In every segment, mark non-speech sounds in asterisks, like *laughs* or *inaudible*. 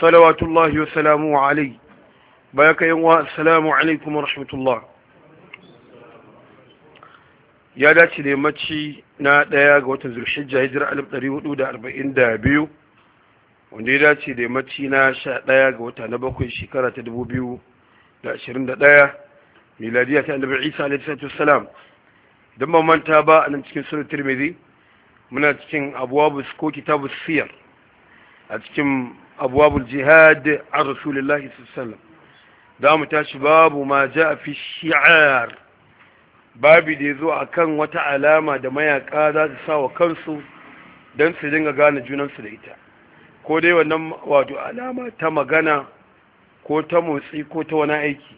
salawatullahi wa salamu alai baya ka yin wa salamu alaikum wa rahmatullah ya dace da yammaci na daya ga watan zulhijja hijira alif ɗari hudu da arba'in da biyu wanda ya dace da yammaci na sha daya ga wata na bakwai shekara ta dubu biyu da ashirin da ɗaya miladiya ta annabi isa alaihi salatu wasalam don ba manta ba a nan cikin sunan tirmidhi muna cikin abuwa ko kitabu siyar a cikin أبواب الجهاد عن رسول الله صلى الله عليه وسلم دام تاشي باب ما جاء في الشعار da ya zo a kan wata alama da mayaka za su sa wa kansu don su dinga gane junansu da ita ko dai wannan wato alama ta magana ko ta motsi ko ta wani aiki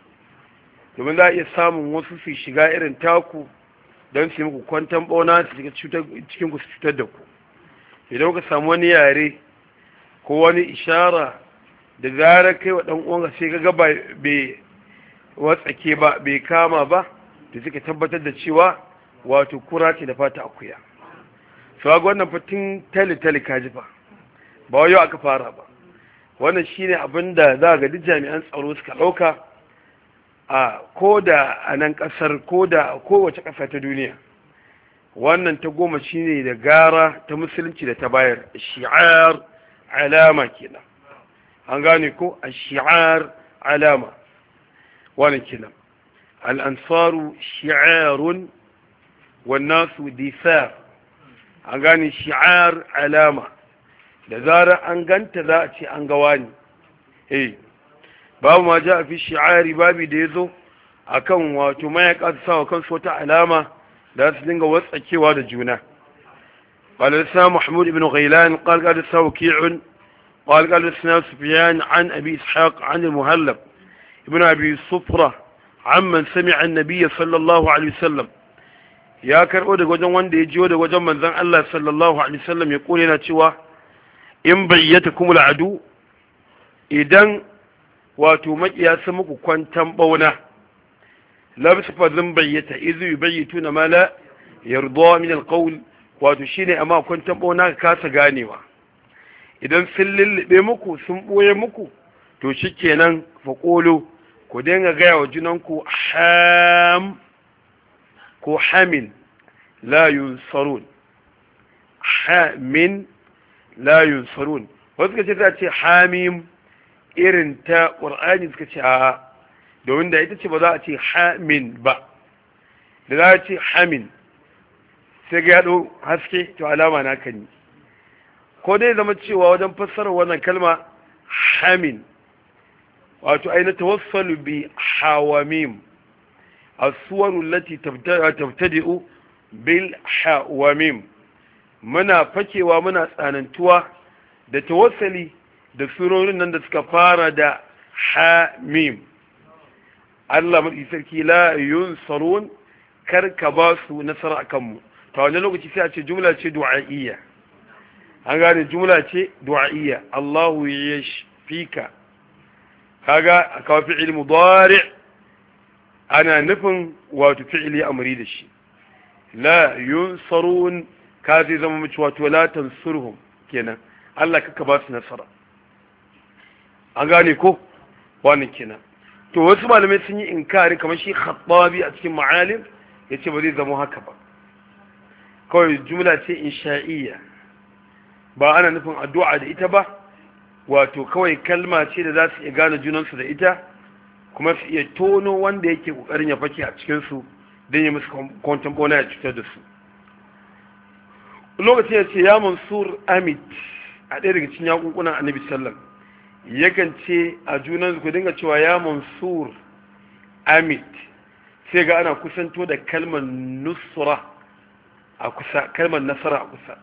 domin za a iya samun wasu su shiga irin taku don su yi muku kwantan bauna su cikin ku su cutar da ku idan kuka samu wani yare ko wani ishara da zarar kai wa ɗan uwanka sai ka gaba bai watsake ba bai kama ba da suka tabbatar da cewa wato kura ce da fata akuya su ga wannan fatin tali-tali kaji ba ba yau aka fara ba wannan shine abin da za ga duk jami'an tsaro suka ɗauka a ko da a nan ƙasar ko a kowace ƙasa ta duniya wannan ta goma shine da gara ta musulunci da ta bayar shi'ar alama kenan an gane ko ashi'ar alama wani kenan al'ansaru shi'arun wannan su disar an gane shi'ar alama da zara an ganta za a ce an ga wani eh babu ma ja a fi shi'ari babu da ya zo a kan wato mayaƙa su sa wa kansu wata alama da su dinga watsakewa da juna قال لسنا محمود بن غيلان قال قال لسنا وكيع قال قال لسنا سفيان عن أبي إسحاق عن المهلب ابن أبي صفرة عمن سمع النبي صلى الله عليه وسلم يا كرؤو دغ wajen wanda ya ji daga wajen manzon Allah sallallahu alaihi ya kore na cewa in bayyatakum al'adu idan wato makiya sun muku kwantan bauna labis fa zan bayyata izu yubayituna ma la yarda min al wato ne amma kun tabo na kasa ganewa idan sun lullube muku sun ɓoye muku to shi shikenan faƙolo ku dinga gaya wa junanku ham ko hamin layun sarun hamin layun sarun wasu suka ce za ce hamim irin ta ƙur'ani suka ce a domin da ita ce ba za a ce hamin ba da za a ce hamin sai ga yaɗo haske to alama na kan ko dai zama cewa wajen fassarar wannan kalma hamin wato aina wasu bi hawamim as-suwaru allati tabtadi'u bil hawamim muna fakewa muna tsanantuwa da tawassali da surorin nan da suka fara da hamim Allah maɗi sarki la yunsarun kar ka ba su nasara akan mu ta wani lokaci sai a ce jumla ce du'a'iyya an gane jumla ce du'a'iyya Allahu yashfika kaga kawo fi'il mudari ana nufin wato fi'ili amri da shi la yunsarun ka zai zama mace wato la tansurhum kenan Allah kaka ba su nasara an gane ko wannan kenan to wasu malamai sun yi inkari kamar shi khattabi a cikin ma'alim yace ba zai zama haka ba kawai jumla ce in insha'iyya ba ana nufin addu'a da ita ba wato kawai kalma ce da za su iya gane junansu da ita kuma su iya tono wanda yake kokarin ya fake a cikinsu don ya musu kwanton bona ya cutar da su lokacin ya ce ya mansur amit a ɗaya daga cikin yakunkunan annabi sallam yakan ce a junan ku dinga cewa ya mansur amit sai ga ana kusanto da kalmar nusra a kusa kalmar nasara a kusa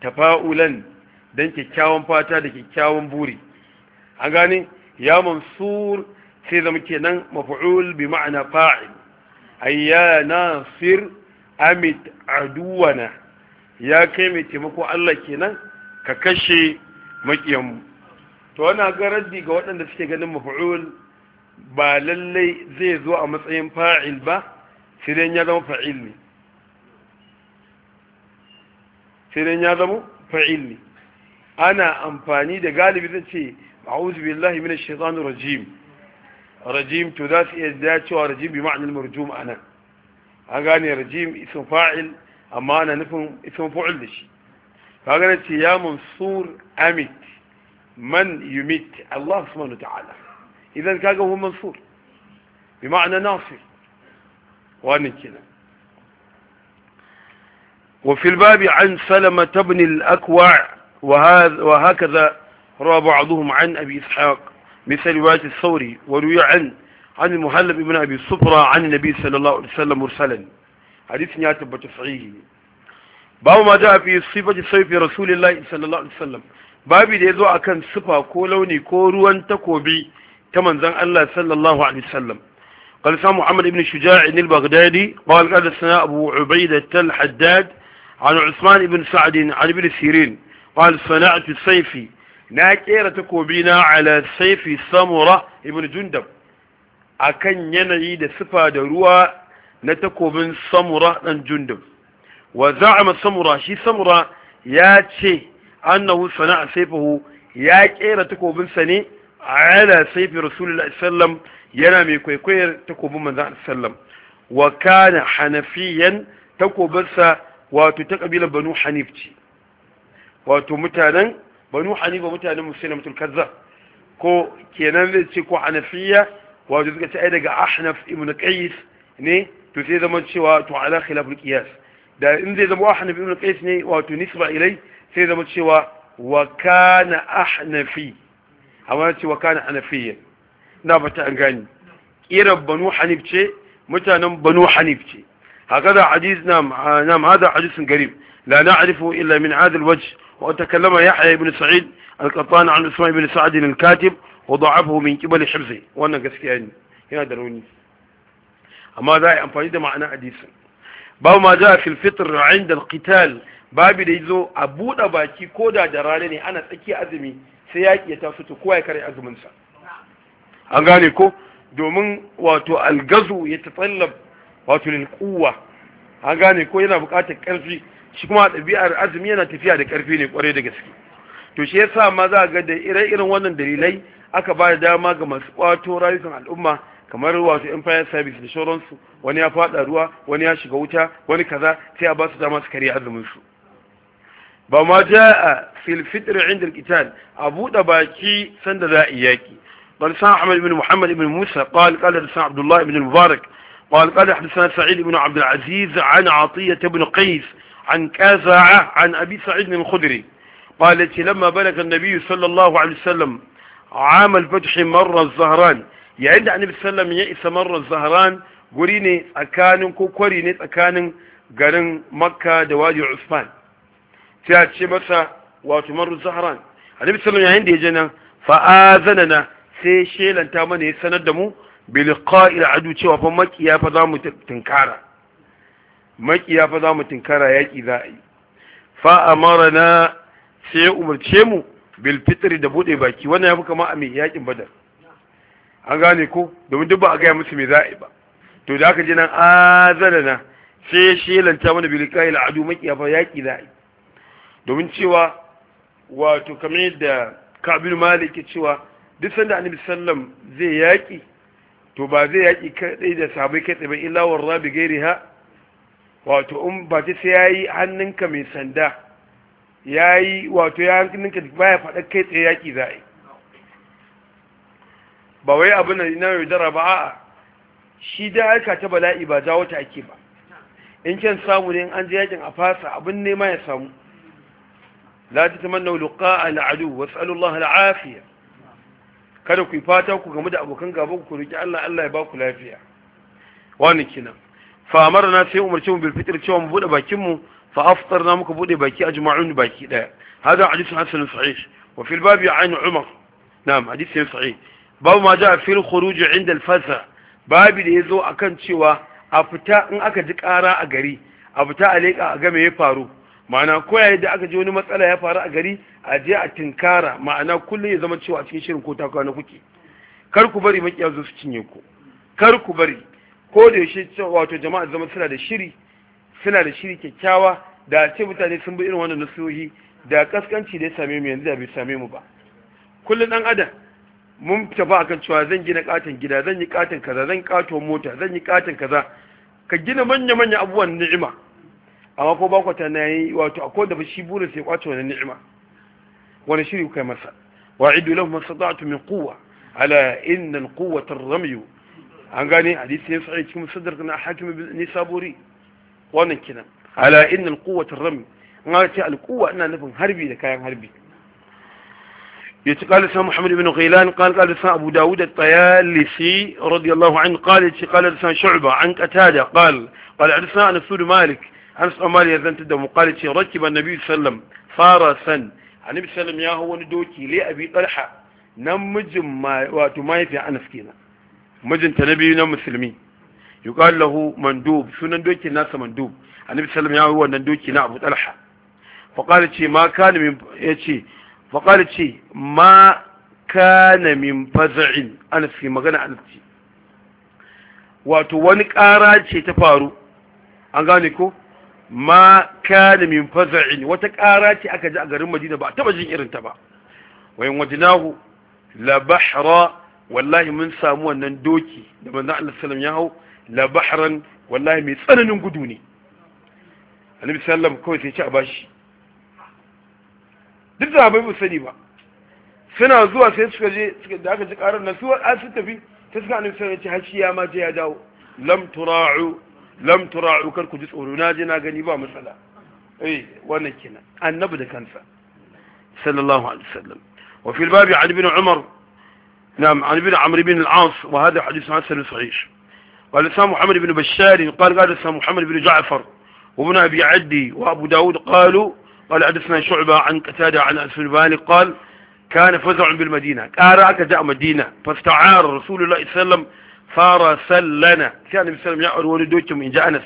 tafa'ulan don kyakkyawan fata da kyakkyawan buri an gane ya mansur sai zama kenan maf'ul bi ma'ana fa'il ayya nasir amit aduwana ya kai mai taimako Allah kenan ka kashe makiyanmu to wani ga raddi ga waɗanda suke ganin mafa'ul ba lallai zai zo a matsayin fa'il ba sai dai ya zama fa'il ne sai dan ya zama fa'il ne ana amfani da galibi zai ce a'udhu billahi minash shaitanir rajim rajim to da su iya cewa rajim bi ma'anil marjum ana a gane rajim isim fa'il amma ana nufin isim fa'il da shi ka gane ce ya mansur amit man yumit Allah subhanahu wa ta'ala idan kaga hu mansur bi ma'ana nasir wannan kenan وفي الباب عن سلمة بن الأكوع وهذا وهكذا روى بعضهم عن أبي إسحاق مثل رواية الثوري وروي عن عن المهلب بن أبي صفرة عن النبي صلى الله عليه وسلم مرسلا حديث ياتب بتصحيح باب ما جاء في صفة سيف رسول الله صلى الله عليه وسلم babi da ya zo a kan sufa ko launi ko ruwan takobi ta manzan Allah sallallahu alaihi wasallam قال سام محمد بن شجاع البغدادي قال قال سنا أبو عبيدة الحداد عن عثمان بن سعد عن Sirin سيرين قال صنعت السيف na kera takobina ala saifi samura ibn jundab akan yanayi da sifa da ruwa na takobin samura dan jundab wa za'ama samura shi samura ya ce annahu sana'a saifahu ya kera takobinsa ne ala saifi rasulullahi sallam yana mai kwaikwayar takobin manzon sallam wa kana hanafiyan takobinsa wato ta kabilar banu hanif ce wato mutanen banu hanif ba mutanen musulmatul kaza ko kenan zai ce ko hanafiya wato suka ce ai daga ahnaf ibn qais ne to sai zama cewa to ala khilaful qiyas da in zai zama ahnaf ibn qais ne wato nisba ilai sai zama cewa wa kana ahnafi amma ce wa kana hanafiya na fata an gani kiran banu hanif ce mutanen banu hanif ce هكذا حديث نعم نعم هذا حديث قريب لا نعرفه إلا من هذا الوجه وتكلم يحيى بن سعيد القطان عن اسماعيل بن سعد الكاتب وضعفه من قبل حفظه وانا قسكيان هنا دروني أما ذا أنفاني ده معنى حديث باب ما جاء في الفطر عند القتال babu da zo a buɗe baki ko da da rana ne ana tsaki azumi sai yaƙi ya taso to kowa ya kare azuminsa an gane ko domin wato algazu ya tatallab wato lil kuwa an gane ko yana buƙatar ƙarfi shi kuma ɗabi'ar azumi yana tafiya da ƙarfi ne ƙwarai da gaske to shi yasa ma za ga da ire-iren wannan dalilai aka ba da dama ga masu kwato rayukan al'umma kamar wato empire service da shoransu wani ya faɗa ruwa wani ya shiga wuta wani kaza sai a ba su dama su karya azumin su ba ma ja'a fil inda al a buɗe baki sanda za a yaki قال سان أحمد بن ibn بن موسى قال قال سان عبد الله بن قال قال حدثنا سعيد بن عبد العزيز عن عطية بن قيس عن كازعة عن أبي سعيد بن الخدري قالت لما بلغ النبي صلى الله عليه وسلم عام الفتح مر الزهران يعني عن النبي صلى الله عليه وسلم يئس مر الزهران قريني أكان كوكوريني أكان قرن مكة دوادي عثمان تيات شبسة واتمر الزهران النبي صلى الله عليه وسلم يعني عندي جنة فآذننا سيشيل أنت من يسند دمو biliqa'il adu cewa fa makiya fa za mu tinkara makiya fa za mu tinkara yaki za a yi fa na sai ya umarce mu bil da bude baki wannan yafi kama a mai yakin badar an gane ko domin duk ba a gaya musu me za a yi ba to da aka ji nan azalana sai ya shelanta mana biliqa'il adu makiya fa yaki za a yi domin cewa wato kamar yadda kabir malik ya cewa duk sanda annabi sallam zai yaki to ba zai yaƙi kaɗai da sabai kai tsaye ilawar rabi gairi ha wato in ba ta sai yayi hannunka mai sanda yi wato ya hannunka baya faɗa kai tsaye yaƙi za a ba wai abin da mai dara ba a'a shi da harka ta bala'i ba jawo ta ake ba in kyan samu ne an je yakin a fasa abin nema ya samu la ta tamanna luqa al al'adu was'alu Allah al afiya kada ku yi fata ku game da abokan gaba ku roki Allah Allah ya ba ku lafiya wani kina fa na sai umarci mu bil fitr cewa mu bude bakin mu fa aftarna muka bude baki ajma'un baki daya hada hadith hasan sahih wa fil bab an umar na'am hadith sahih babu ma jaa fil khuruj inda al fasa babu da yazo akan cewa a fita in aka ji kara a gari a fita a leka a ga me ya faru ma'ana ko koyaye da aka ji wani matsala ya faru a gari a je a tinkara ma'ana kullum ya zama cewa a cikin shirin ko takawa na kuke kar ku bari makiya zo su cinye ku kar ku bari ko da yaushe wato jama'a zama suna da shiri suna da shiri kyakkyawa da ce mutane sun bi irin wannan nasihohi da kaskanci da ya same mu yanzu da bai same mu ba kullum dan adam mun tafi kan cewa zan gina katon gida zan yi katon kaza zan kato mota zan yi katon kaza ka gina manya manya abubuwan ni'ima amma ko ba kwata na yi wato a kodaba shi burin sai kwace wani ni'ima wani shiri kuka masa wa idu lahu masadatu min quwwa ala inna alquwwata ar-ramy an gane hadisi ne sai cikin sadar na hakimi bin nisaburi wannan kinan ala inna alquwwata ar-ramy an ce alquwwa ina nufin harbi da kayan harbi يتي قال لسان محمد بن غيلان قال kala لسان أبو داود الطيالسي رضي الله عنه قال يتي قال لسان شعبة عن قتادة قال kala لسان أنس بن malik an tsamar ya zanta da muƙali ce rakiba nabi sallam farasan Nabi sallam ya hau wani doki le abi ɗarha nan mijin wato mahaifi anas kenan mijin ta nabi na musulmi yuqal lahu mandub sunan doki nasa mandub Nabi sallam ya hau wannan doki na abu talha fa ce ma kana min yace fa ce ma kana min faz'in anas fi magana anas ce wato wani ƙara ce ta faru an gane ko ma kana min faza'in wata kara ce aka ji a garin madina ba taba jin irin ta ba wayan wajinahu la bahra wallahi mun samu wannan doki da manzon Allah sallallahu ya hau la bahran wallahi mai tsananin gudu ne annabi sallallahu kawai sai ya ci a bashi duk da bai sani ba suna zuwa sai suka je da aka ji karar nan su tafi ta suka annabi sallallahu ya ce hashi ya ma je ya dawo lam tura'u لم tura'u kar ku ji tsoro na je na gani ba matsala eh wannan kenan annabi da kansa sallallahu alaihi wasallam wa نعم عن ابن عمرو بن العاص وهذا حديث حسن صحيح قال اسلام محمد بن بشار قال قال اسلام محمد بن جعفر وابن أبي عدي وأبو داود قالوا قال حدثنا شعبة عن قتادة عن أسلباني قال كان فزع بالمدينة كاراك جاء مدينة فاستعار رسول الله صلى الله عليه وسلم farasan lana sai annabi sallam ya auri wani dokin in ji anas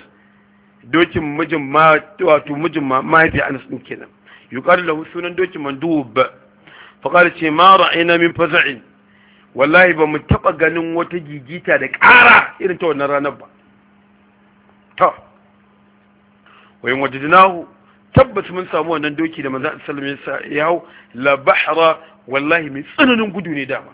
dokin mijin ma wato mijin ma mahaifi anas din kenan yuqalu lahu sunan dokin mandub fa qala ce ma ra'ina min faz'in wallahi ba mu taba ganin wata gigita da ƙara irin ta wannan ranar ba to wayin wajidnahu tabbas mun samu wannan doki da manzo sallam ya yau la bahra wallahi mai tsananin gudu ne dama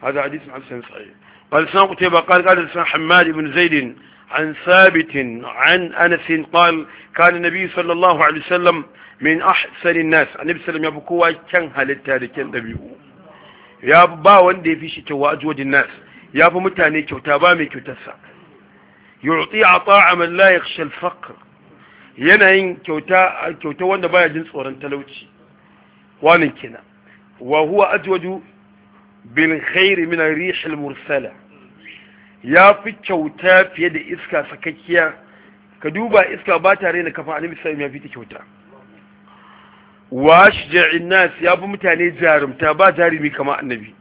هذا حديث عن سنة صحيح قال سنة قتيبة قال قال سنة حماد بن زيد عن ثابت عن أنس قال كان النبي صلى الله عليه وسلم من أحسن الناس النبي صلى الله عليه وسلم يبقوا كان كان دبيو ya fi ba wanda ya fi shi cewa ajwadin nas ya fi mutane kyauta ba mai kyautarsa yurti a ta'aman la yakhsha al-faqr yanayin kyauta kyauta wanda baya jin tsoron talauci wannan ajwadu bil khairi min ar-rih al-mursala ya fi kyauta fiye da iska sakakkiya ka duba iska ba tare da kafa annabi sai alaihi ya fi kyauta wa shaja'in ya fi mutane jarumta ba jarumi kama annabi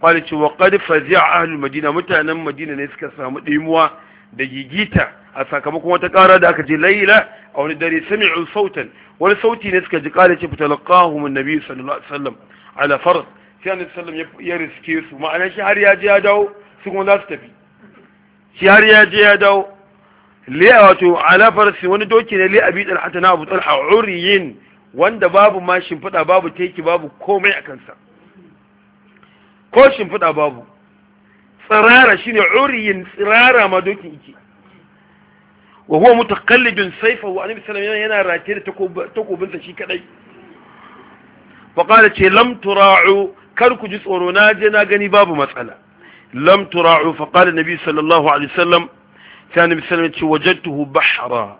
kwallo ce wa qad fazi'a madina mutanen madina ne suka samu dimuwa da gigita a sakamakon wata kara da aka je laila a wani dare sami'u sautan wani sauti ne suka ji ƙara ce fitalqahum annabi sallallahu alaihi wasallam ala sai annabi sallam ya riske su ma'ana shi har ya je ya dawo su kuma za su tafi shi har ya je ya dawo li wato ala farsi wani doki ne li abi talhata na abu talha uriyin wanda babu ma shimfiɗa babu teki babu komai a kansa ko shimfiɗa babu tsirara ne uriyin tsirara ma dokin iki wa huwa mutakallidun saifa wa annabi sallallahu alaihi wasallam yana rataye da takobinsa shi kadai fa qala ce lam tura'u kar ku ji tsoro na je na gani babu matsala lam tura'u fa qala nabi sallallahu alaihi wasallam ta nabi sallallahu alaihi wajadtuhu bahra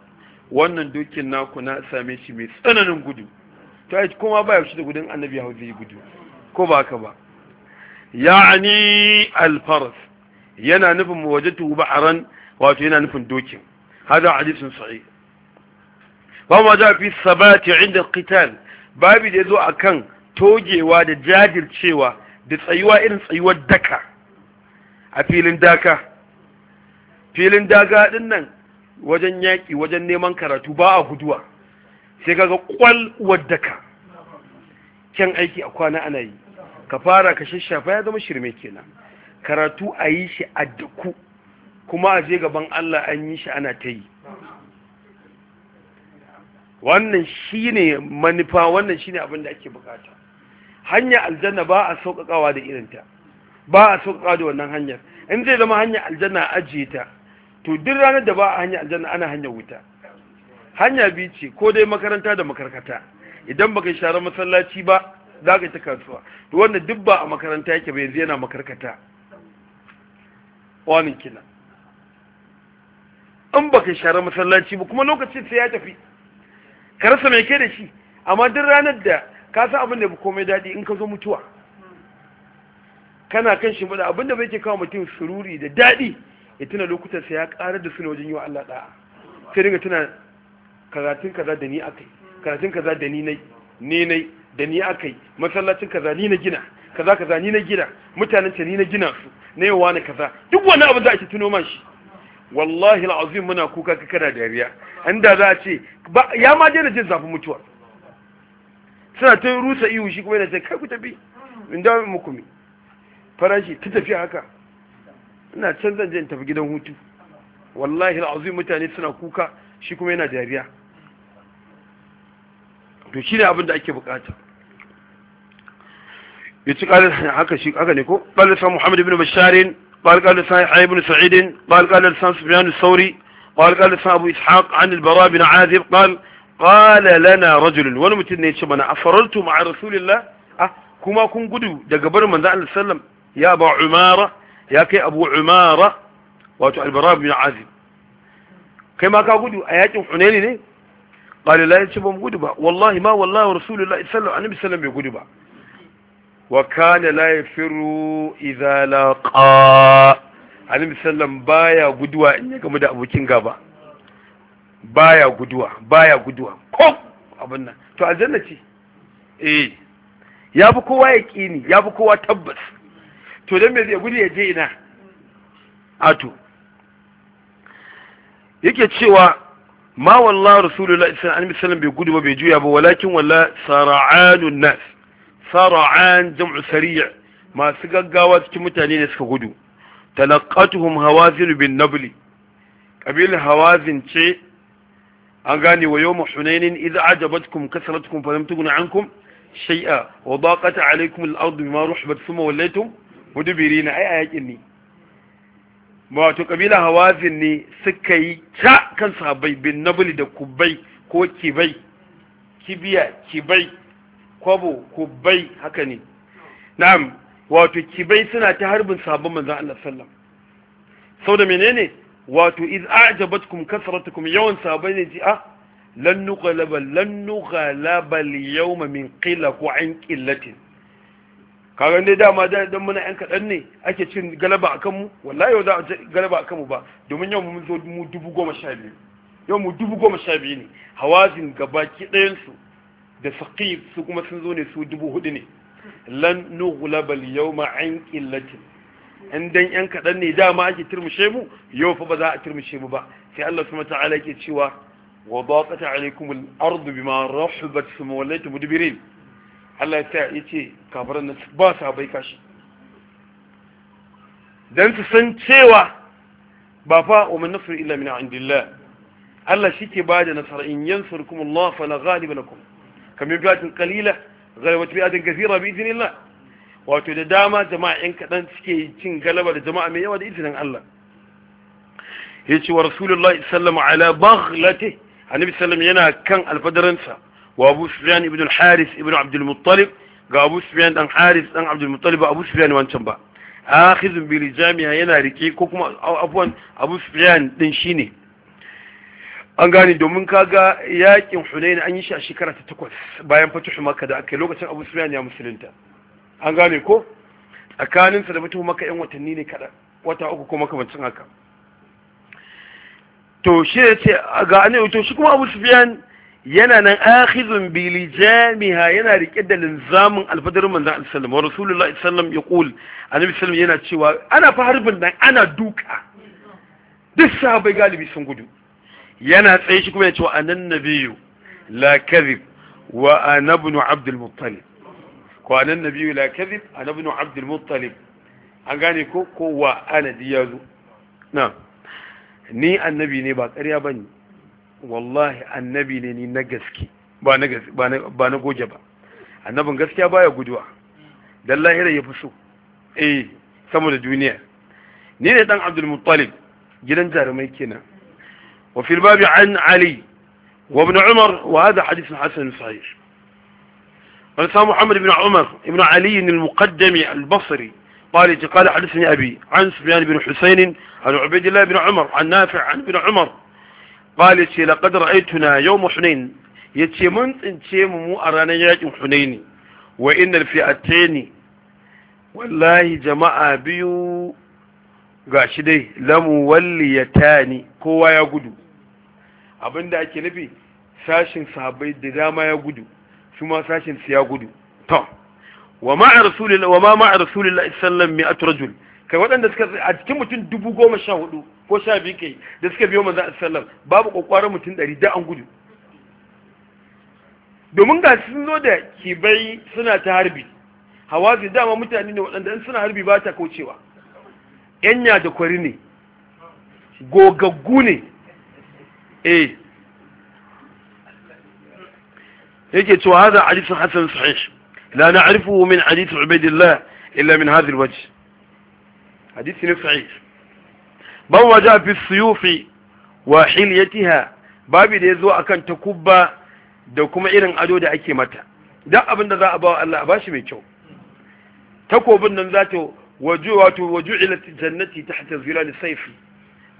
wannan dokin naku na same shi mai tsananin gudu to ai kuma ba yaushe da gudun annabi hawo zai gudu ko ba ka ba ya'ani al-faras yana nufin wajadtuhu bahran wato yana nufin dokin hada hadisin sahih ba ma ja fi sabati inda qital babu da yazo akan togewa da jajircewa da tsayuwa irin tsayuwar daka a filin daka filin daga din nan wajen yaƙi wajen neman karatu ba a guduwa sai kaga kwalwar daka kyan aiki a kwana ana yi ka fara ka shashafa ya zama shirme kenan karatu a yi shi a duku kuma a je gaban Allah an yi shi ana ta yi wannan shi ne manufa wannan shine abin da ake bukata hanya aljanna ba a sauƙaƙawa da irinta ba a sauƙaƙa da wannan hanyar in zai zama hanya aljanna a ajiye ta to duk ranar da ba a hanya aljanna ana hanya wuta hanya biyu ce ko dai makaranta da makarkata idan baka share masallaci ba za ka ta kasuwa to wannan duk ba a makaranta yake bai yanzu yana makarkata wani kina in baka share masallaci ba kuma lokacin sai ya tafi ka rasa mai ke da shi amma duk ranar da ka san abin da komai dadi in ka zo mutuwa kana kan shi bada abin da bai ke kawo mutum sururi da daɗi ya tuna lokutan sa ya karar da suna wajen yi wa Allah da'a sai dinga tuna karatun kaza da ni akai karatun kaza da ni nai ne nai da ni akai masallacin kaza ni na gina kaza kaza ni na gina mutanen ta ni na gina su na yawa na kaza duk wani abu za a ci tuno mashi shi wallahi al'azim muna kuka kana dariya inda za a ce ya ma daina jin zafin mutuwa suna ta rusa ihu shi kuma yana ce kai ku tafi in dawo mu kuma farashi ta tafi haka ina can zan je in tafi gidan hutu wallahi al'azim mutane suna kuka shi kuma yana dariya to shi ne abinda da ake bukata yace kalin haka shi haka ne ko qala sa muhammad ibn bashar قال قال سعيد بن سعيد قال قال سفيان الثوري قال قال أبو إسحاق عن البراء بن عازب qala lana rajulun wani mutum ne ya ce mana afarartu ma'a rasulillah ah kuma kun gudu daga barin manzo Allah sallam ya ba umara ya kai abu umara wato albara bin azib kai ma ka gudu a yakin hunaini ne qala la yace ban gudu ba wallahi ma wallahi rasulullah sallallahu alaihi wasallam bai gudu ba wa kana la yafiru idza laqa alaihi wasallam baya guduwa in ya gamu da abokin gaba baya guduwa baya guduwa ko abin nan to aljanna ce eh ya fi kowa ya ƙini ya fi kowa tabbas to don me zai gudu ya je ina ato yake cewa ma wallah rasulullahi sallallahu alaihi wasallam bai gudu ba bai juya ba walakin walla sara'anun nas sara'an jam'u sari' masu gaggawa cikin mutane ne suka gudu talaqatuhum hawazin bin nabli kabilar hawazin ce an gane wa yawma hunainin idan ajabatkum kasratkum falam tughni ankum shay'a wa daqat alaykum al-ardu bima ruhbat thumma wallaytum mudbirina ai ayakin ne wato kabila hawazin ne suka yi ta kan sahabbai bin nabli da kubai ko kibai kibiya kibai kwabo kubai haka ne na'am wato kibai suna ta harbin sahabban manzon Allah sallallahu alaihi wasallam menene wato iz ajabatkum kasratukum yawan sahabbai ne ji ah lan nughlaba lan nughlaba al-yawma min qila ku an qillati kaga ne dama da dan muna yan kadan ne ake cin galaba akan mu wallahi yau da galaba akan mu ba domin yau mun zo mu dubu goma sha biyu yau mu dubu goma sha biyu ne hawazin gabaki ɗayan su da saqib su kuma sun zo ne su dubu hudu ne lan nughlaba al-yawma an qillati in dan yan kaɗan ne dama ake turmushe mu yau fa ba za a turmushe mu ba sai Allah subhanahu ta'ala yake cewa wa ba daqat alaykum al-ardu bima rahabat thumma wallaytum mudbirin Allah ya tsaya yace kafiran nan ba sa bai kashi dan su san cewa ba fa wa man nasr illa min indillah Allah shike ba da nasara in yansurkum Allah fala ghaliba lakum kam yabatin qalila ghalabat bi'adin kathira bi idhnillah wato da dama jama'a yan kaɗan suke cin galaba da jama'a mai yawa da izinin Allah ya ce wa rasulullahi sallam ala baghlati annabi sallam yana kan alfadaransa wa abu sufyan ibn al-haris ibn abdul muttalib ga abu sufyan dan haris dan abdul muttalib abu sufyan wancan ba akhizun bi jami'a yana rike ko kuma afwan abu sufyan din shine an gane domin kaga yakin hunain an yi shi a shekara ta 8 bayan fatuhu makka da aka lokacin abu sufyan ya musulunta an gane ko tsakaninsa da mutum maka yan watanni ne kada wata uku ko makamancin haka to shi ya ce a gane to shi kuma abu sufiyan yana nan akhizun bi lijamiha yana rike da linzamin alfadarin manzon sallallahu alaihi wasallam wa rasulullahi sallallahu ya qul annabi sallallahu yana cewa ana fa harbin nan ana duka duk sahabbai galibi sun gudu yana tsaye shi kuma ya ce wa annan la kadhib wa ana ibn abd al-muttalib kwanan nabi la kadhib an ibn abd al-muttalib an gane ko ko wa anadi na ni annabi ne ba ƙarya bane wallahi annabi ne ni na gaske ba na ba na goje ba annabin gaskiya baya guduwa dan lahira ya fuso eh sama da duniya ni ne dan abdul muttalib gidan jarumai kenan wa fil babi an ali wa ibn umar wa hada hadith hasan sahih ونسمى محمد بن عمر بن علي المقدمي البصري قال قال حدثني أبي عن سفيان بن حسين عن عبيد الله بن عمر عن نافع عن ابن عمر قال لقد رأيتنا يوم حنين yace mun tsince mu a ranar yakin Hunaini wa innal fi'ataini wallahi jama'a biyu gashi dai lamu walliyata ni kowa ya gudu abinda ake nufi sashin sahabbai da dama ya gudu su ma sashin su ya gudu to wa a rasulillahi wa ma ma'a rasulillahi sallam kai waɗanda suka a cikin mutum dubu goma sha hudu ko sha biyu kai da suka biyo manzo sallam babu kokwaran mutum ɗari da an gudu domin ga sun zo da kibai suna ta harbi Hawa hawazi dama mutane ne waɗanda in suna harbi ba ta kaucewa yanya da kwari ne gogaggu ne eh yake cewa hada hadisin hasan sahih la na'rifuhu min hadith ubaidillah illa min hadha alwajh hadisi ne sahih ban waja fi suyufi wa hilyatiha babu da yazo akan takubba da kuma irin ado da ake mata dan abinda za a bawa Allah a bashi mai kyau takobin nan za ta waju wato waju'ilat jannati tahta zilal sayfi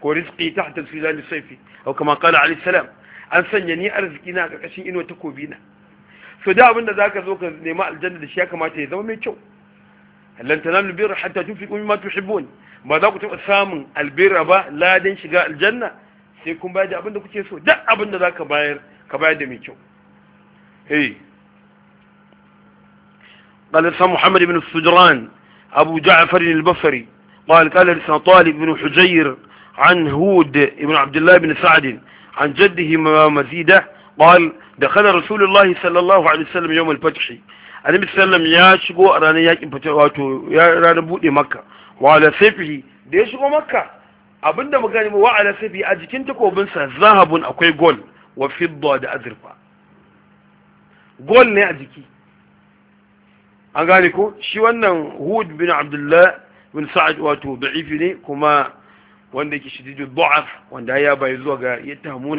ko rizqi tahta zilal sayfi aw kama qala alayhi salam an sanya ni arziki na a ƙarƙashin inuwa takobi na to da abin da zaka zo ka nemi aljanna da shi ya kamata ya zama mai kyau lan tanalu birra hatta tunfiqu mimma tuhibbun ba za ku taɓa samun albirra ba ladan shiga aljanna sai kun bayar da abin da kuke so duk abin da zaka bayar ka bayar da mai kyau eh قال لسان محمد بن السجران أبو جعفر البصري قال قال لسان طالب بن حجير عن هود بن عبد الله بن سعد عن جده مزيدة qal dakhala rasulullahi sallallahu alaihi wasallam yawm al-fath annabi sallam ya shigo a ranar yakin fata wato ranar bude makka wa ala sayfihi da ya shigo makka abinda mu gani wa sai sayfihi a jikin takobinsa sa zahabun akwai gol wa fidda da azurfa gol ne a jiki an gane ko shi wannan hud bin abdullah bin sa'ad wato da'ifi ne kuma wanda yake shididu da'af wanda ya bayi zuwa ga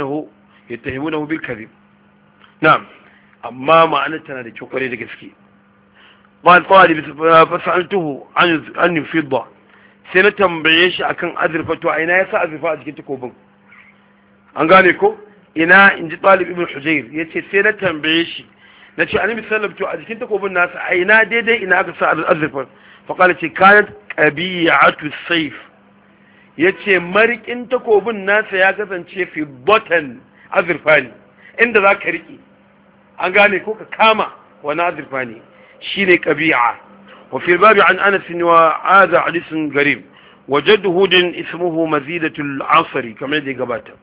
ho yattahimunahu bil kadhib na'am amma ma'anar tana da kyau kwarai da gaske ba tsawali eh, fasaltuhu an fidda sai na tambaye shi akan azurfa to a ina ya sa azurfa a jikin takobin an gane ko ina in ji talib ibn hujair ya ce sai na tambaye shi na ce annabi sallam to a jikin takobin nasa a ina daidai ina aka sa azurfa fa kala ce kanat qabiyatu sayf ya ce marikin takobin nasa ya kasance fi button azurfa ne inda za ka riƙe an gane ko ka kama wani azurfa ne shi ne ƙabi'a wa fil babi an anas wa aza hadisin garib wa jaddu hudin ismuhu mazidatul asari kamar da ya gabata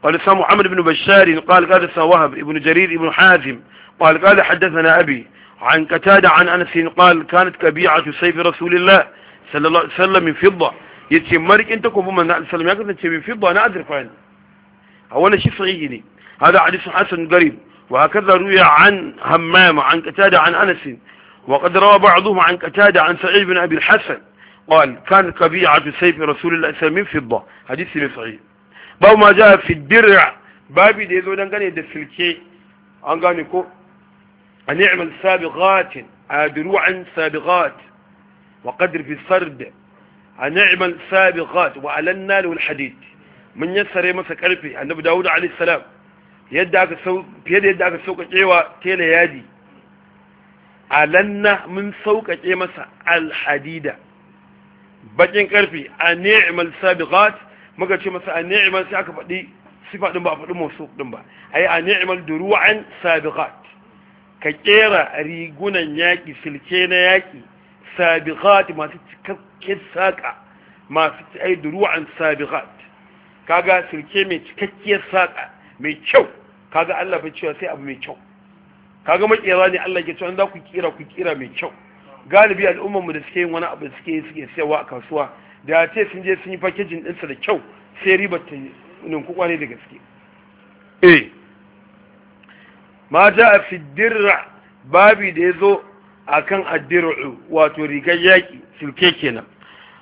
قال سمع محمد بن بشار قال قال وهب ابن جرير ابن حازم قال قال حدثنا أبي عن قتادة عن أنس قال كانت كبيعة سيف رسول الله صلى الله عليه وسلم من فضة يتشمرك انت كفو من نعم سلم يقول من فضة أنا أدرك عنه أولا شيء صحيح لي هذا حديث حسن قريب وهكذا روي عن همام عن قتادة عن أنس وقد روى بعضهم عن قتادة عن سعيد بن أبي الحسن قال كان كبيعة سيف رسول الله صلى الله عليه وسلم فضة حديث سعيد باب ما جاء في الدرع باب دي ya zo dangane da أن an gane ان a ni'mal sabiqatin adiru an sabiqat wa qadr fi sard a mun yassare masa karfe annabi dawud alayhi salam yadda aka sau fiye da yadda aka sauƙaƙewa tela yadi alanna mun sauƙaƙe masa alhadida bakin karfe a ni'mal sabiqat muka ce masa a ni'mal sai aka faɗi sifa din ba a faɗi mawsu din ba ai a ni'mal duru'an sabiqat ka kera rigunan yaki silke na yaƙi sabiqat masu cikakken saƙa masu ai duru'an sabiqat kaga sirke mai cikakkiyar saƙa mai kyau kaga Allah bai cewa sai abu mai kyau kaga makera ne Allah ke cewa za ku kira ku kira mai kyau galibi al'ummar mu da suke yin wani abu da suke suke sayarwa a kasuwa da ya ce sun je sun yi packaging ɗinsa da kyau sai ribar ta ninku kwane da gaske eh ma ja a dirra babi da ya zo akan addir'u wato rigar yaƙi silke kenan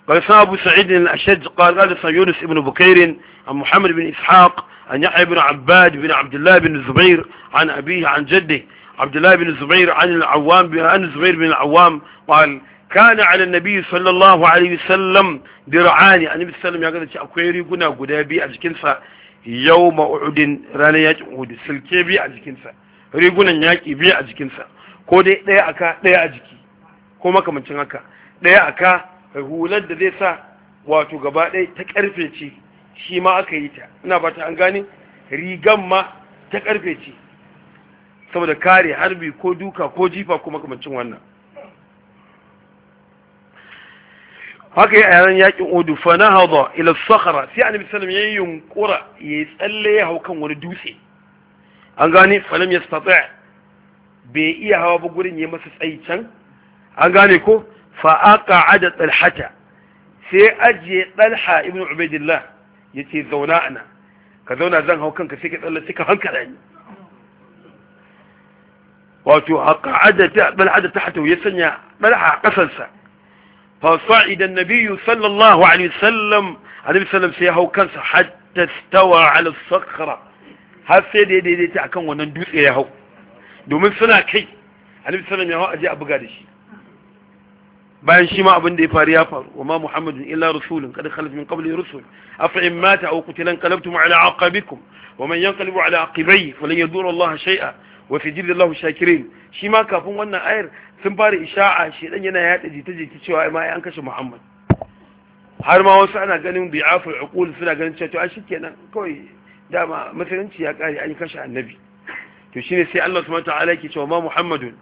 قال اسمع أبو سعيد الأشج قال قال اسمع يونس بن بكير عن محمد بن إسحاق عن يحيى بن عباد بن عبد الله بن الزبير عن أبيه عن جده عبد الله بن الزبير عن العوام عن الزبير بن العوام قال كان على النبي صلى الله عليه وسلم درعاني النبي صلى الله عليه وسلم ya akwai riguna guda biyu a jikinsa yau ma'udin ranar yakin hudu silke biyu a jikinsa rigunan yaƙi biyu a jikinsa ko dai ɗaya a ka ɗaya a jiki ko makamancin haka ɗaya a ka hular da zai sa wato gaba ɗaya ta ƙarfe ce shi ma aka yi ta ina ba ta an gani rigan ma ta ƙarfe ce saboda kare harbi ko duka ko jifa ko makamancin wannan haka yi a yaran yakin odu Fana na ila sakara sai annabi sallam ya yunkura ya yi tsalle ya hau kan wani dutse an gani falam ya stata bai iya hawa ba gurin ya masa tsayi can an gane ko فأقع عدد طلحة اجي طلحة ابن عبيد الله يتي ذوناءنا كذونا ذنها وكانك سيكا سيكا هنكا لأني واتو أقع عدد بل عدد تحته يسنى ملحة قصصة فصعد النبي صلى الله عليه وسلم عليه صلى الله عليه وسلم سيها حتى استوى على الصخرة ها هالسيدي يدي يدي تعكم ونندوس إياهو دومن سنة كي النبي صلى الله عليه وسلم يهو أجي أبو قادشي bayan shi ma abin da ya faru ya faru wa ma muhammadun illa rasulun kada khalaf min qabli rusul afa in mata aw qutila qalabtum ala aqabikum wa man yanqalibu ala aqibayhi falan yadurra Allah shay'a wa fi jildi Allah shakirin shi ma kafin wannan ayar sun fara isha'a shi dan yana yada jita jita cewa ai ma an kashe muhammad har ma wasu ana ganin bi'aful uqul suna ganin cewa to a kenan kawai dama musulunci ya kare an kashe annabi to shine sai Allah subhanahu wa ta'ala yake cewa ma muhammadun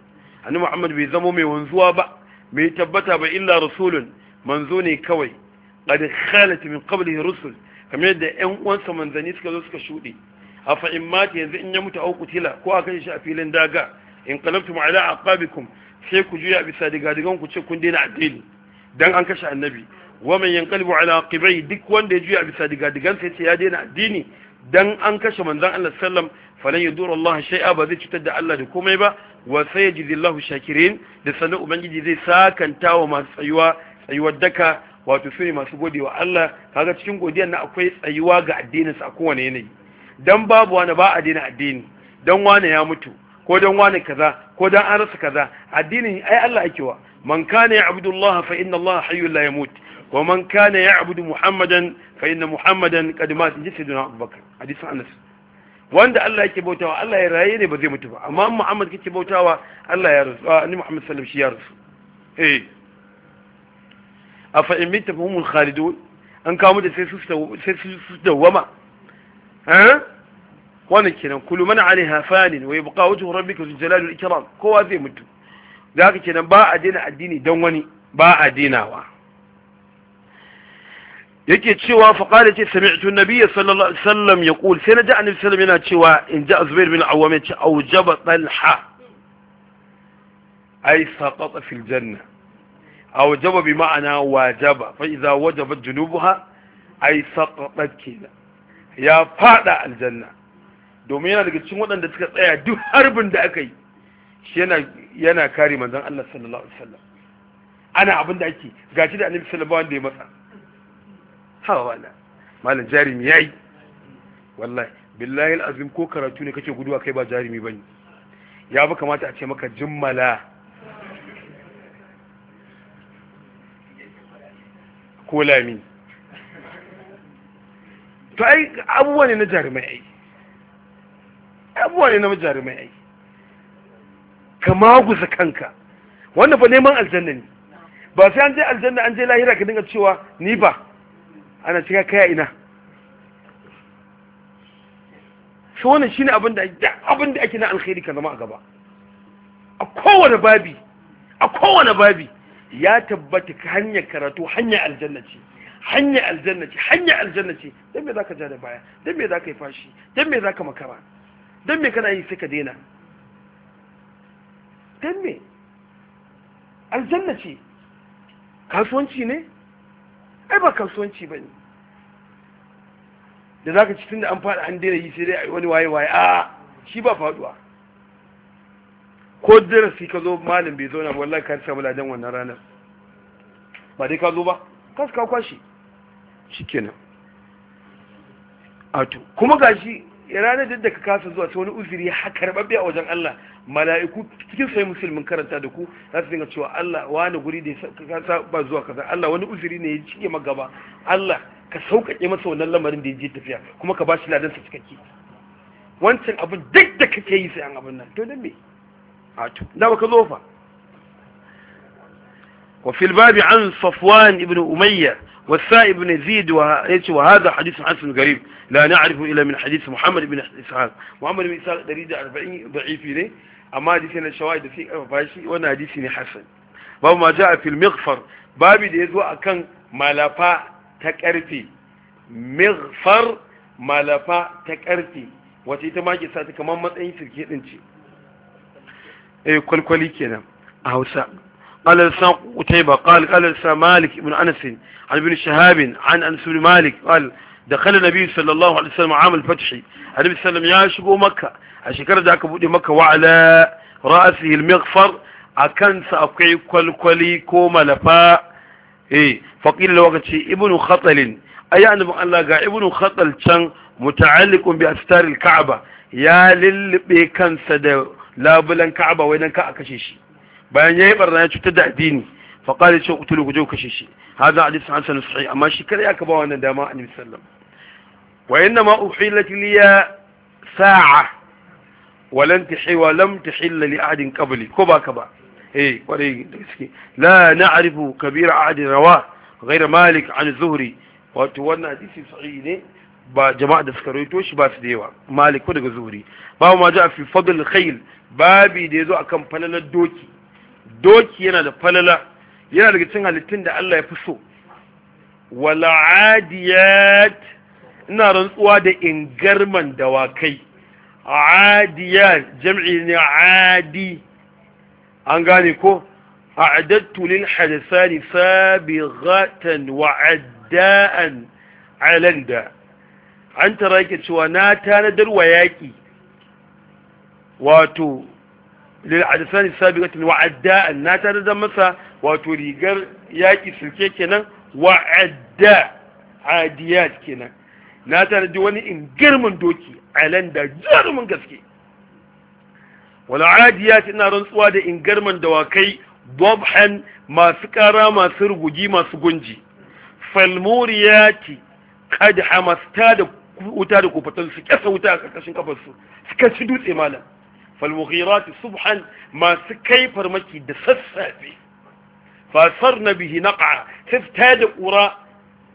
annabi muhammad bai zamo mai wanzuwa ba mai tabbata ba illa rasulun manzo ne kawai qad khalat min qablihi rusul kamar yadda ƴan uwansa manzanni suka zo suka shuɗe a fa'in mata yanzu in ya mutu au kutila ko a kashe shi a filin daga in qalabtum ala aqabikum sai ku juya bisa digadigan ku ce kun daina addini dan an kashe annabi wa man yanqalibu ala qibai duk wanda ya juya bisa digadigan sai ya daina addini dan an kashe manzon Allah falan yudura Allah shai'a ba zai cutar da Allah da komai ba wa sayajidillahu shakirin da sanin ubangiji zai sakanta wa masu tsayuwa tsayuwar daka wato su ne masu godewa Allah kaga cikin godiyar na akwai tsayuwa ga addinin a kowane yanayi dan babu wani ba a daina addini dan wani ya mutu ko dan wani kaza ko dan an rasa kaza addinin ai Allah ake wa man kana ya'budu Allah fa inna Allah hayyul la yamut wa man kana ya'budu Muhammadan fa inna Muhammadan qad mat jisduna Abubakar hadisin Anas wanda Allah yake bautawa Allah ya raye ne ba zai mutu ba amma Muhammad kake bautawa Allah ya rasu ah, ni Muhammad sallallahu alaihi wasallam shi ya rasu eh afa in mita humul khalidun an kawo da sai sai su dawama ha eh? wannan kenan kullu man alaiha fanin wa yabqa wajhu rabbika zul jalali wal ikram kowa zai mutu da haka kenan ba a dina addini dan wani ba a dinawa yake cewa faƙari ce sami'tu nabiyya sallallahu alaihi wasallam ya kul sai na ji annabi sallam yana cewa in ji azubair bin awwam ya ce aujaba talha ai saqata fil janna aujaba bi ma'ana wajaba fa idza wajaba junubuha ai saqatat kila ya fada aljanna domin yana daga cikin waɗanda suka tsaya duk harbin da aka yi shi yana yana kare manzon Allah sallallahu alaihi wasallam ana abin da ake gashi da annabi sallallahu alaihi wasallam ya matsa hawa wala malam jarimi yayi wallahi billahi alazim ko karatu ne kake guduwa kai ba jarimi bane ya ba kamata a ce maka jimmala ko lami to ai abubuwa ne na jarumai ai abubuwa ne na jarumai ai ka maguza kanka wannan fa neman aljanna ne ba sai an je aljanna an je lahira ka dinga cewa ni ba ana cika kaya ina shi wannan shine abin da abin da ake na alkhairi ka zama a gaba a kowane babi a kowane babi ya tabbata ka hanyar karatu hanyar aljannaci. Hanya hanyar hanya ce hanyar aljanna don me zaka ja da baya don me zaka yi fashi don me zaka makara don me kana yi sai ka daina don me aljannaci kasuwanci ne ai ba kasuwanci ba ne da za ka ci tun da an faɗa an daina yi sai dai wani waye waye a shi ba faɗuwa ko darasi ka zo malam bai zauna ba wallahi kan samu ladan wannan ranar ba dai ka zo ba kasu su kawo kwashi shikenan ato kuma gashi ranar duk da ka kasa zuwa ta wani uzuri ya karbabbe a wajen Allah mala'iku cikin sai musulmin karanta da ku za su dinga cewa Allah wani guri da ka kasa ba zuwa kaza Allah wani uzuri ne ya cike magaba gaba Allah ka sauƙaƙe masa wannan lamarin da ya je tafiya kuma ka ba shi ladan sa cikakke wancan abin duk da kake yi sai an abin nan to dan me a to da baka zo fa wa fil babi an safwan ibnu umayyah والسائب بن زيد وهذا حديث حسن غريب لا نعرف إلا من حديث محمد بن إسحاق محمد بن إسحاق دريد أربعين ضعيف إليه أما حديثنا الشوائد في أربعشي وأنا حديثنا حسن باب ما جاء في المغفر باب دي يزوى أكن مالفا تكارفي مغفر مالفا تكارفي وتي ita ma ke sata kamar matsayin sirke ɗin كل eh kwalkwali kenan a قال لسان قتيبة قال قال لسان مالك بن أنس عن ابن شهاب عن أنس بن مالك قال دخل النبي صلى الله عليه وسلم عام الفتح النبي صلى الله عليه وسلم يا شبو مكة الشكرة ذاك بودي مكة وعلى رأسه المغفر أكن سأبقي كل كلي كوما لفا إيه فقيل لوقت ابن خطل أي أن الله قال ابن خطل كان متعلق بأستار الكعبة يا للبي كان سد لابلن كعبة وين كأكشيشي bayan yi barna ya cutar da addini faƙar da shi qutulu ku je ku kashe shi hada hadith na sahih amma shi kare ya ba wannan dama annabi sallallahu wa inna ma uhilat liya sa'a wa lan tahi wa lam tahil ko ba ka ba eh kwarai da suke la arifu kabira adin rawa ghayr malik an zuhri wato wannan hadisi sa'i ne ba jama'a da suka rawaito shi ba su da yawa malik ko daga zuhri babu ma a fi fadl khayl babi da yazo akan fanalar doki doki yana da falala yana daga cin halittun da Allah ya fi so wala adiyat ina rantsuwa da ingarman dawakai adiyat jam'i ne adi an gane ko a'adattu lil hadasani sabighatan wa adda'an alanda an tara yake cewa na tanadar wa wato lil'adisani sabiqatin wa adda'an na tare da masa wato rigar yaƙi silke kenan wa adda adiyat kenan na tare da wani in girman doki alan da jarumin gaske wala adiyat ina rantsuwa da in girman dawakai dabhan masu kara masu rugugi masu gunji falmuriyati kad hamasta da wuta da kofatansu kasa wuta a karkashin kafarsu suka ci dutse malam falmughirati subhan masu kai farmaki da sassafe fasar na bihi da ƙura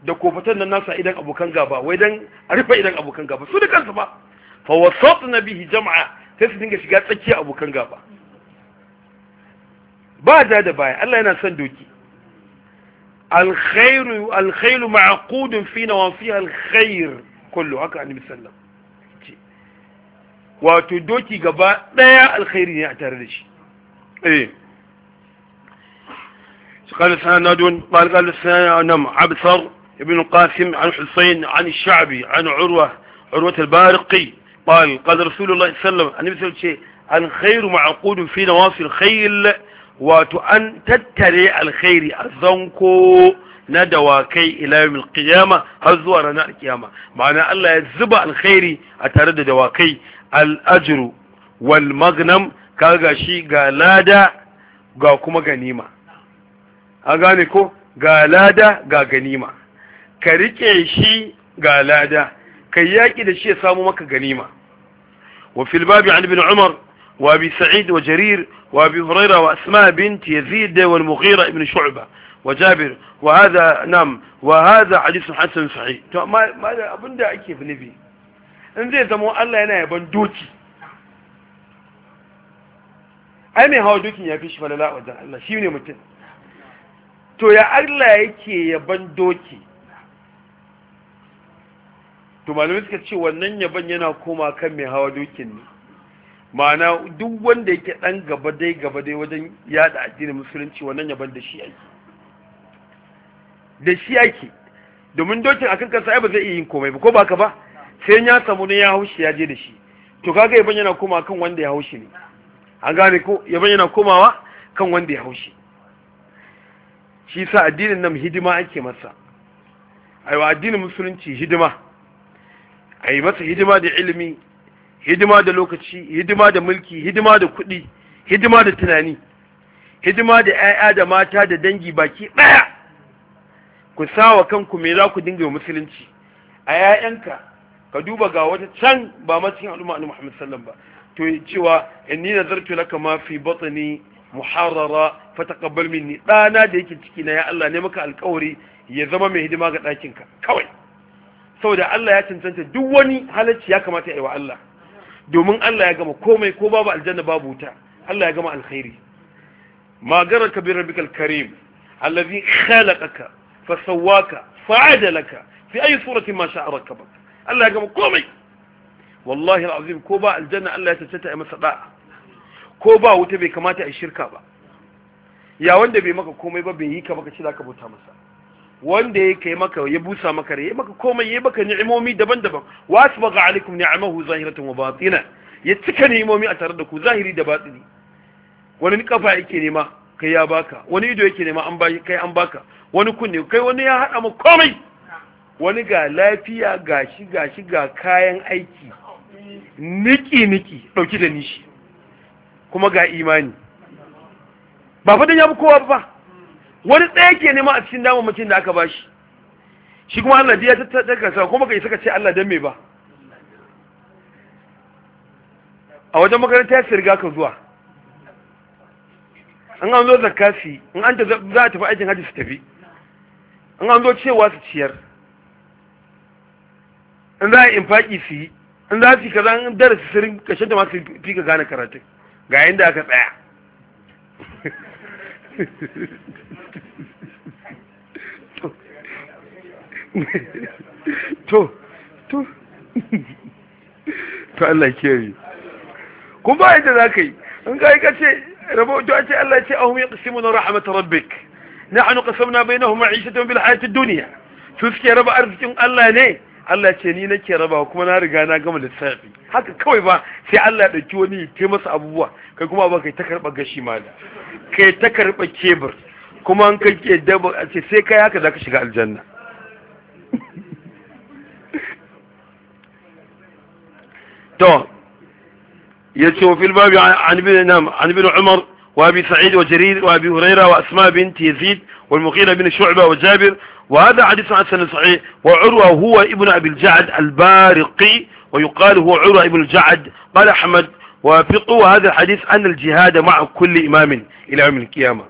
da kofatan nasa idan abokan gaba wai dan a rufe abokan gaba su da kansu ba fa shiga tsakiya abokan gaba da baya Allah yana son doki alkhairu alkhairu ma'qudun fi nawafiha alkhair kullu haka annabi sallallahu wato doki gaba daya alkhairi ne a tare da shi eh قال سند قال قال سنم عبثر ابن قاسم عن حسين عن الشعبي عن عروة عروة البارقي قال قال رسول الله صلى الله عليه وسلم شيء الخير معقود في نواصي الخيل wato an tattare alkhairi a zanko na dawakai ila har zuwa ranar kiyama ma'ana Allah ya zuba alkhairi a tare da dawakai al'ajiru wal magnam kaga shi ga lada ga kuma ganima a gane ko ga lada ga ganima ka rike shi ga lada ka yaƙi da shi ya samu maka ganima wa filbabi an bin umar wa bi sa'id wa jarir wa bi Hurera wa asma bint yazid wal mughira ibn shu'ba wa وهذا waha وهذا حديث حسن صحيح ما ما abinda ake nufi in zai zama Allah yana yaban doki ai mai hawa dokin ya fi shi falala a wajen Allah shi ne mutum to ya Allah yake yaban doki to malamai suka ce wannan yaban yana koma kan mai hawa dokin ne ma'ana duk wanda yake dan gaba dai gaba dai wajen yada addinin musulunci wannan yaban da shi ake da shi ake domin dokin akan kansa ai ba zai iya yin komai ba ko ba ka ba sai ya samu ne ya haushi ya je da shi to kaga ya yana koma kan wanda ya haushi ne an gane ko ya yana komawa kan wanda ya haushi shi sa addinin nan hidima ake masa aiwa addinin musulunci hidima a masa hidima da ilimi hidima da lokaci hidima da mulki hidima da kuɗi hidima da tunani hidima da 'ya'ya da mata da dangi baki ɗaya ku sawa kanku me za ku dinga musulunci a 'ya'yanka ka duba ga wata can ba ma cikin al'umma annabi Muhammad sallallahu ba to cewa inni nazartu laka ma fi batni muharrara fataqabbal minni dana da yake ciki na ya Allah ne maka alƙawari ya zama mai hidima ga ɗakin ka kawai saboda Allah ya cancanta duk wani halacci ya kamata ya yi wa Allah domin Allah ya gama komai ko babu aljanna babu wuta Allah ya gama alkhairi magara bi rabbikal karim allazi khalaqaka fa adalaka fi ayi surati ma sha'a rakabaka Allah ya gama komai wallahi alazim ko ba aljanna Allah ya ta ya masa da'a ko ba wuta bai kamata a shirka ba ya wanda bai maka komai ba bai yi ka baka ce zaka bauta masa wanda ya kai maka ya busa maka ya maka komai ya maka ni'imomi daban-daban wasu baga alaikum ni'amahu zahiratan wa batina ya cika ni'imomi a tare da ku zahiri da batini wani ni kafa yake nema kai ya baka wani ido yake nema an kai an baka wani kunne kai wani ya hada mu komai wani ga lafiya ga shi ga shi ga kayan aiki niki-niki dauki da nishi kuma ga imani ba fadin ya fi kowa ba wani ɗaya ke nema a cikin mutum da aka ba shi shi kuma Allah ya ta daga kuma ka isa ka ce Allah don me ba a wajen makaranta ya riga ka zuwa an an zo zakasi an ta za a tafi aikin hajji su tafi an an zo cewa su ciyar in za a faƙi su yi in za su yi kaza in darasi su rinka kashe da masu fi ka gane karatu ga yadda aka tsaya *laughs* to to *laughs* to Allah yi kun ba yadda za ka yi in ka yi ka ce rabo to ce Allah ce ahum yaqsimuna rahmat rabbik nahnu qasamna bainahum ma'ishatan bil hayati dunya su suke raba arzikin Allah ne Allah ce ni nake raba kuma na riga na gama lissafi haka kawai ba sai Allah ya dauki wani ya masa abubuwa kai kuma ba kai ta karba gashi da kai ta karba kebur kuma an kai ke a ce sai kai haka zaka shiga aljanna *laughs* to ya ce fil babi an ibn nam an ibn umar wa bi sa'id wa jarir wa bi hurayra wa asma bint yazid wal mughira bin shu'ba wa jabir وهذا حديث حسن صحيح وعروة هو ابن أبي الجعد البارقي ويقال هو عروة ابن الجعد قال أحمد وفقه هذا الحديث أن الجهاد مع كل إمام إلى يوم القيامة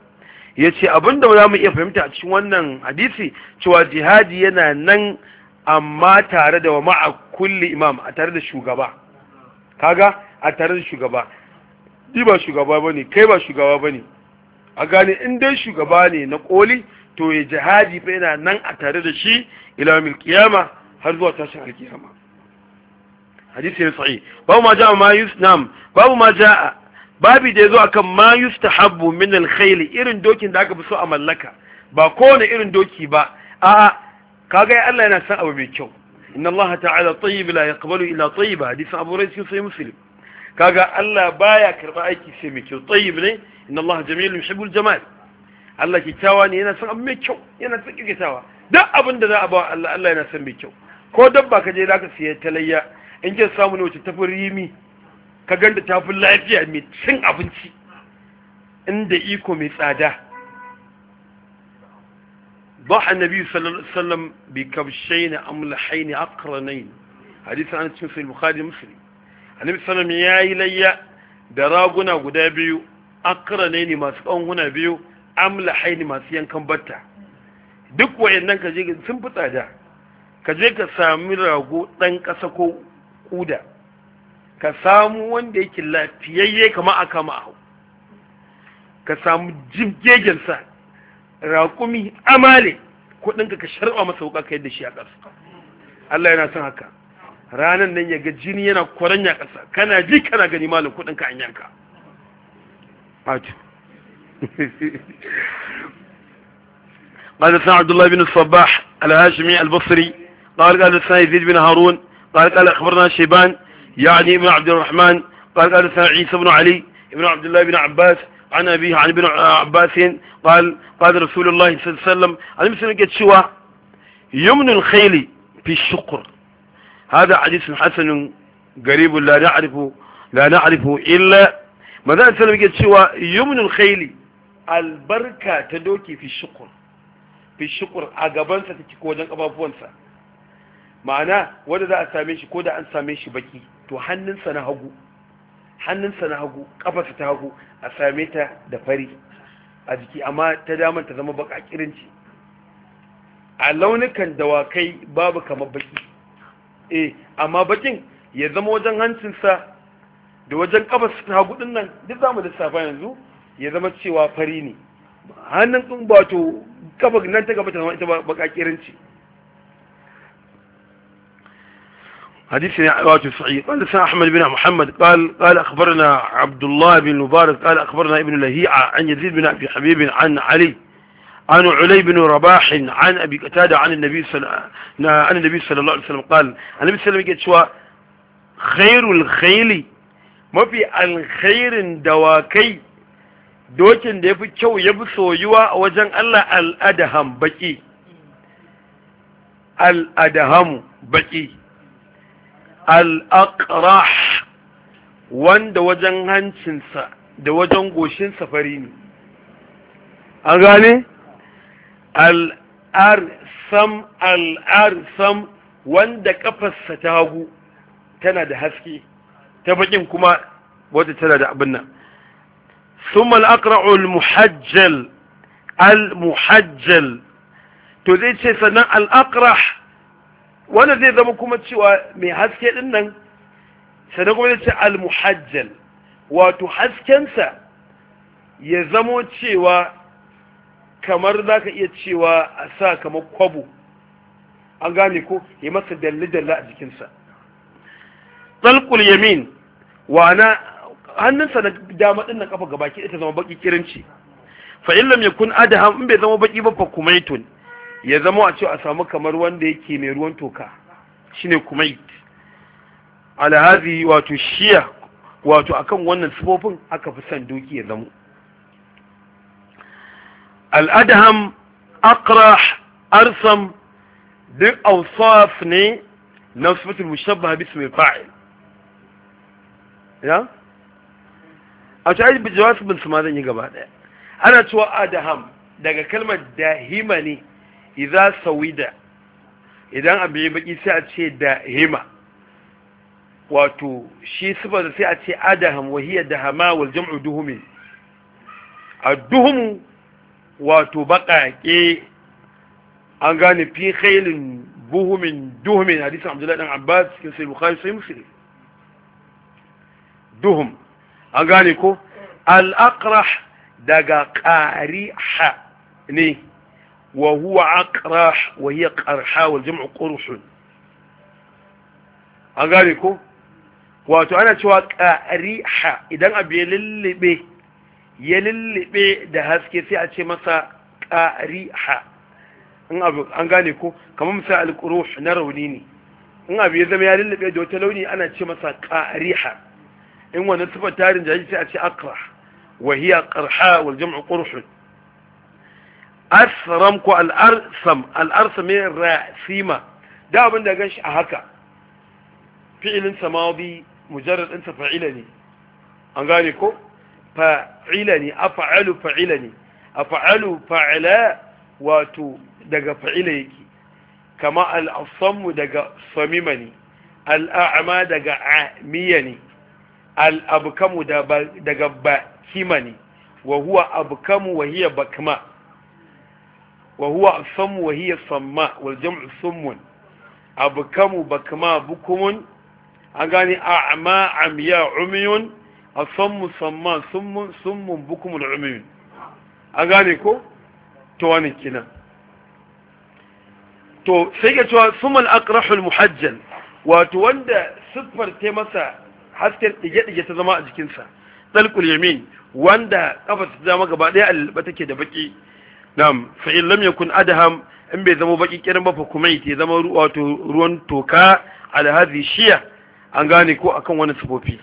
yace abinda ba za mu iya fahimta a cikin wannan hadisi cewa jihadi yana nan amma tare da ma'a kulli imam a tare da shugaba kaga a tare da shugaba ni ba shugaba bane kai ba a gane in dai shugaba ne na koli to ya jihadi fa yana nan a tare da shi ila mil qiyama har zuwa tashin alkiyama hadisi ne sahih babu ma ja'a ma yusnam babu ma ja'a babi da yazo akan ma yustahabbu min alkhayl irin dokin da aka fi so a mallaka ba kowane irin doki ba a kaga Allah yana san abu mai kyau inna Allah ta'ala tayyib la yaqbalu illa tayyiba hadisin Abu Hurairah sai Muslim kaga Allah baya karba aiki sai mai kyau tayyib ne inna Allah jamilun yuhibbul jamal Allah kyakkyawa ne yana son abu mai kyau yana son kyakkyawa duk abin da za a ba Allah Allah yana son mai kyau ko dabba ka je za ka siya talayya in ke samu ne wacce ta fi rimi ka ganda ta fi lafiya mai cin abinci inda iko mai tsada ba annabi sallallahu alaihi wasallam bi kabshayn amlahayn aqranayn hadisi an cikin sahih bukhari muslim annabi sallallahu alaihi wasallam yayi layya da raguna guda biyu aqranayn masu kanhuna biyu amla haini masu yankan batta duk wayannan ka je sun fi tsada ka je ka sami rago ɗan ƙasa ko ƙuda ka samu wanda yake lafiyayye kama a kama hau ka samu jibgegensa raƙumi amale kuɗinka ka sharɓa masa wuka ka yadda shi a ƙasa Allah yana son haka ranan nan ya ga jini yana kwaranya ƙasa kana ji kana gani malin kuɗinka an yanka fatu *laughs* قال حدثنا عبد الله بن الصباح الهاشمي البصري قال قال حدثنا يزيد بن هارون قال قال أخبرنا شيبان يعني ابن عبد الرحمن قال قال حدثنا عيسى بن علي ابن عبد الله بن عباس عن أبيه عن ابن عباس قال قال رسول الله صلى الله عليه وسلم عن مثل قد شوى يمن الخيل في الشقر هذا حديث حسن قريب لا نعرفه لا نعرفه إلا ماذا سلم قد شوى يمن الخيل albarka ta doki fi shukur fi shukur a gabansa take ko wajen kafafuwansa ma'ana wanda za a same shi ko da an same shi baki to hannunsa na hagu hannunsa na hagu kafarsa ta hagu a same ta da fari a jiki amma ta daman ta zama baka kirinci a launukan dawakai babu kamar baki eh amma bakin ya zama wajen hancinsa da wajen kafarsa ta hagu din duk zamu da safa yanzu ya zama cewa fari ne hannun kun wato kafa nan ta gaba ta zama ita baka kiranci حديثنا رواية صحيح قال لسنا أحمد بن محمد قال قال أخبرنا عبد الله بن مبارك قال أخبرنا ابن لهيعة عن يزيد بن أبي حبيب عن علي عن علي بن رباح عن أبي قتادة عن النبي صلى عن النبي صلى الله عليه وسلم قال النبي صلى الله عليه وسلم قال خير الخيل ما في الخير دواكي dokin da ya fi kyau ya fi soyuwa a wajen Allah al'adaham baƙi al'adaham baƙi al'aƙrah wanda wajen hancinsa da wajen goshin safari ne an gane al'arsam al'arsam wanda ƙafarsa ta hagu tana da haske ta baƙin kuma wata tana da abin nan ثم الأقرع المحجل المحجل to zai ce sannan al'akra wanda zai zama kuma cewa mai haske ɗin nan sannan kuma zai ce al-muhajjal wato haskensa ya zamo cewa kamar za ka iya cewa a sa kamar kwabo an gane ko ya masa dalli dalli a jikinsa ɗalƙul yamin wa na hannunsa na dama din nan kafa gabaki ita zama baki kirinci fa illam yakun adham in bai zama baki ba fa kumaitun ya zama a ce a samu kamar wanda yake mai ruwan toka shine kumait ala wato shiya wato akan wannan sifofin aka fi san doki ya zama al adham aqrah arsam duk awsaf ne na sifatul mushabbaha mai fa'il ya a cikin yi jawabin su ma zan yi gaba daya ana cewa adaham daga kalmar dahima ne idza sawida idan abu yi baki sai a ce dahima wato shi sifar sai a ce adaham wa hiya dahama wal jam'u duhumi ad-duhum wato baqaqe an gane fi khailin buhumin duhumin hadisi abdullahi dan abbas cikin sai bukhari sai muslim duhum an gane ko al'akrah daga ha ne wa huwa akrah wa yi ƙarha wal jam'u qurhun an gane ko wato ana cewa ha idan abu ya lullube ya lullube da haske sai a ce masa ƙariha in abu an gane ko kamar misali al na rauni ne in abu ya zama ya lullube da wata launi ana ce masa ƙariha in wani sifar tarin jayi sai a ce akra wa hiya qarha wal jam'u qurh asram ko al arsam al arsam rasima da abin da ganshi a haka fi'ilin samawi mujarrad din fa'ila ne an gane ko fa'ila ne af'alu fa'ila ne af'alu fa'ila wato daga fa'ila yake kama al asamu daga samima ne al a'ma daga amiya ne al'abkamu daga bakima ne wa huwa abkamu wa hiya bakma wa huwa asammu wa hiya samma wal jam'u summun abkamu bakma bukumun an gani a'ma amiya umiyun asammu samma summun summun bukumun umiyun an gane ko to wani kina. to sai ga cewa sumal aqrahul muhajjal wato wanda siffar ta masa hasken ɗige-ɗige ta zama a jikinsa ɗalƙul yamin wanda kafa ta zama gaba ɗaya a lalba take da baki nam fa in lam yakun adham in bai zama baki kiran ba fa kuma ya zama wato ruwan toka ala hadhi shiya an gane ko akan wani sabofi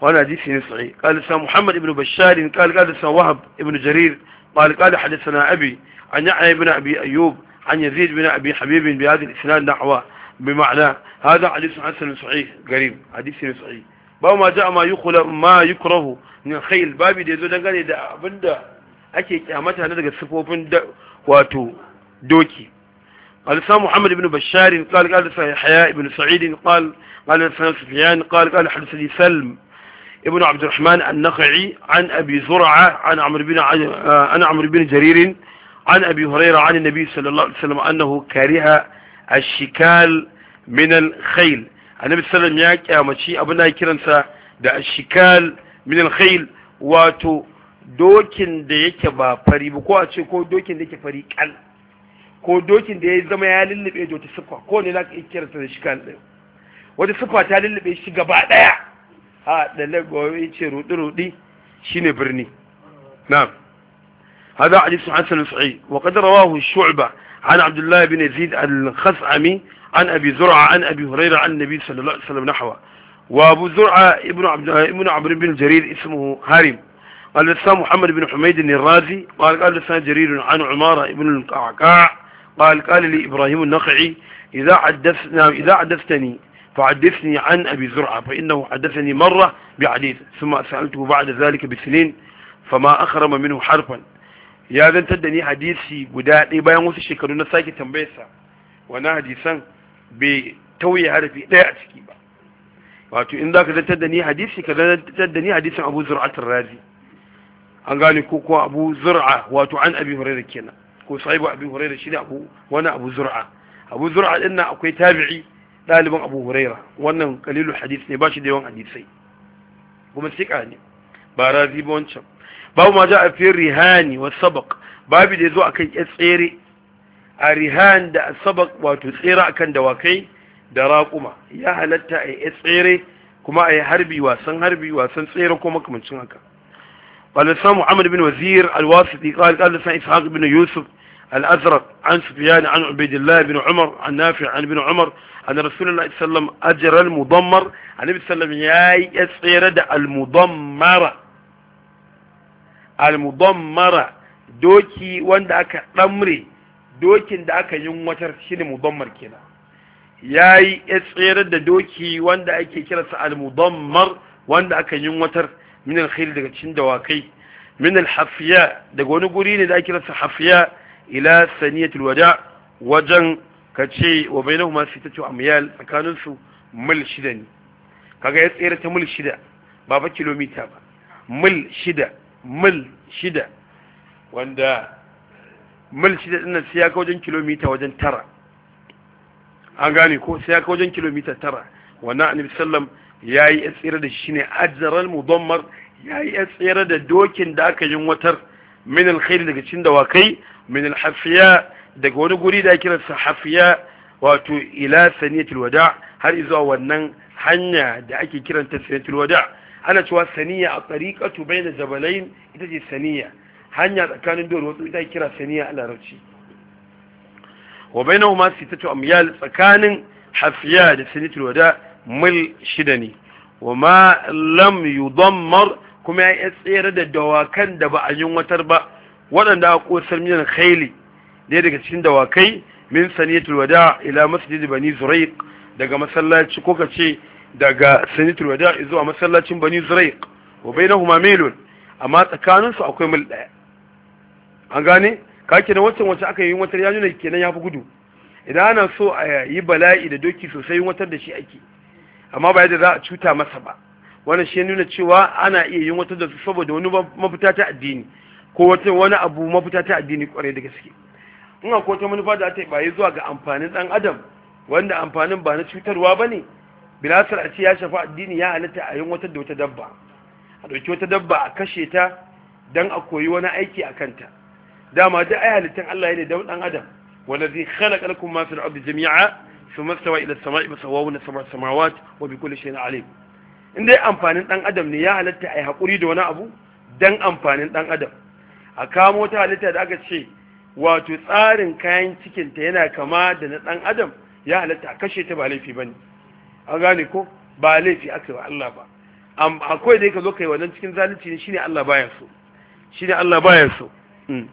wannan hadisi ne sai qala sa muhammad ibn bashar qala qala sa wahab ibn jarir qala qala hadathana abi an ya'a ibn abi ayyub an yazid ibn abi habib bi hadhihi al-isnad nahwa بمعنى هذا حديث حسن صحيح قريب حديث صحيح باب ما جاء ما yukula ما يكره من الخيل babi da yazo dangane da abinda اكي قيامتها na daga sifofin wato doki قال سام محمد بن بشار قال قال يحيى بن سعيد قال قال سفيان قال قال لي سلم ابن عبد الرحمن النخعي عن ابي زرعه عن عمرو بن عن عمرو بن جرير عن ابي هريره عن النبي صلى الله عليه وسلم انه كره الشكال min al-khayl annabi sallam ya kyamaci abu na kiransa da ashikal min al wato dokin da yake ba fari ba ko a ce ko dokin da yake fari kal ko dokin da ya zama ya lullube da wata siffa ko ne zaka iya sa da shikal din wata siffa ta lullube shi gaba daya a da lagos ya ce rudi rudi shine birni na'am هذا حديث حسن صحيح وقد رواه الشعبة عن عبد الله بن يزيد الخثعمي عن أبي زرعة عن أبي هريرة عن النبي صلى الله عليه وسلم نحوه وأبو زرعة ابن عبد ابن عمرو بن جرير اسمه هارم قال لسان محمد بن حميد الرازي قال قال لسان جرير عن عمارة ابن القعقاع قال قال لي إبراهيم النخعي إذا حدثنا إذا حدثتني فحدثني عن أبي زرعة فإنه حدثني مرة بحديث ثم سألته بعد ذلك بسنين فما أخرم منه حرفا ya zantar da ni hadisi guda ɗaya bayan wasu shekaru na sake tambayarsa wani hadisan bai tauye harafi ɗaya a ciki ba wato in za ka zantar da ni hadisi ka zantar da ni hadisin abu zur'atar razi an gane ko ko abu zur'a wato an abi hurairah kenan ko sahibu abi hurairah shi ne abu wani abu zur'a abu zur'a din nan akwai tabi'i ɗaliban abu hurairah wannan kalilu hadis ne ba shi da yawan hadisai kuma sika ne ba razi ba wancan babu ma ja a fiye rihani wa sabak babu da ya zo a kan ya tsere a rihan da sabak wato tsere a kan dawakai da raƙuma ya halatta a ya tsere kuma a yi harbi wasan harbi wasan tsere ko makamancin haka ƙwalisar muhammad bin wazir alwasiti ƙwalisar ishaq bin yusuf الأزرق عن سفيان عن ni an بن عمر عن نافع عن ابن عمر أن رسول الله صلى الله عليه وسلم أجر المضمر النبي صلى الله عليه وسلم يا يسير al-mudammara doki wanda aka damre dokin da aka yin watar shine mudammar kenan yayi ya tsera da doki wanda ake kiransa al-mudammar wanda aka yin watar min al daga cikin dawakai min al-hafiya daga wani guri ne da ake kiransa hafiya ila saniyatul wada wajen kace wa bainahuma sitatu amyal tsakaninsu mil shida ne kaga ya tsere ta mil shida ba ba kilomita ba mil shida mil shida wanda mil shida ɗin sai ya ka wajen kilomita wajen tara an gane ko sai ya ka wajen kilomita tara wannan annabi sallam ya yi tsira da shi ne ajzaral mudammar ya yi tsira da dokin da aka yin watar min alkhairi daga cikin dawakai min alhafiya daga wani guri da kira sa hafiya wato ila saniyatul wada har zuwa wannan hanya da ake kiranta saniyatul wada ana cewa saniya a tsariƙatu bai da jabalain ita ce saniya hanya tsakanin dole wasu ita kira saniya a larabci wa bai nahu masu ita ce amyal tsakanin hafiya da sinitul wada mil shida ne wa ma lam mar kuma ya tsere da dawakan da ba a yi watar ba waɗanda a ƙosar miyan khaili ne daga cikin dawakai min saniyatul wada ila masjid bani zuraiq daga masallaci ko kace daga sanitul wada zuwa masallacin bani zuraiq wa bainahuma milun amma tsakanin su akwai mil daya an gane ka na wancan wacce aka yi watar ya nuna kenan ya fi gudu idan ana so a yi bala'i da doki sosai watar da shi ake amma ba yadda za a cuta masa ba wannan shi nuna cewa ana iya yin wata da su saboda wani mafita ta addini ko wata wani abu mafita ta addini kwarai da gaske in akwai wata manufa da ta bayi zuwa ga amfanin dan adam wanda amfanin ba na cutarwa ba ne bilasar a ce ya shafa addini ya halatta a yin wata da wata dabba a ɗauki wata dabba a kashe ta don a koyi wani aiki a kanta dama duk ai halittun Allah ne don ɗan adam wanda zai halakar kuma masu al'adu jami'a su masu ila sama'i masawawu na samar samawat wa bi kulli shayin alim in dai amfanin ɗan adam ne ya halatta a yi haƙuri da wani abu don amfanin dan adam a kamo ta halitta da aka ce wato tsarin kayan cikinta yana kama da na ɗan adam ya halatta a kashe ta ba laifi ba ne a gane ko ba laifi aka wa Allah ba akwai da ka zo kai wannan cikin zalunci ne shine Allah baya so shine Allah baya so hmm.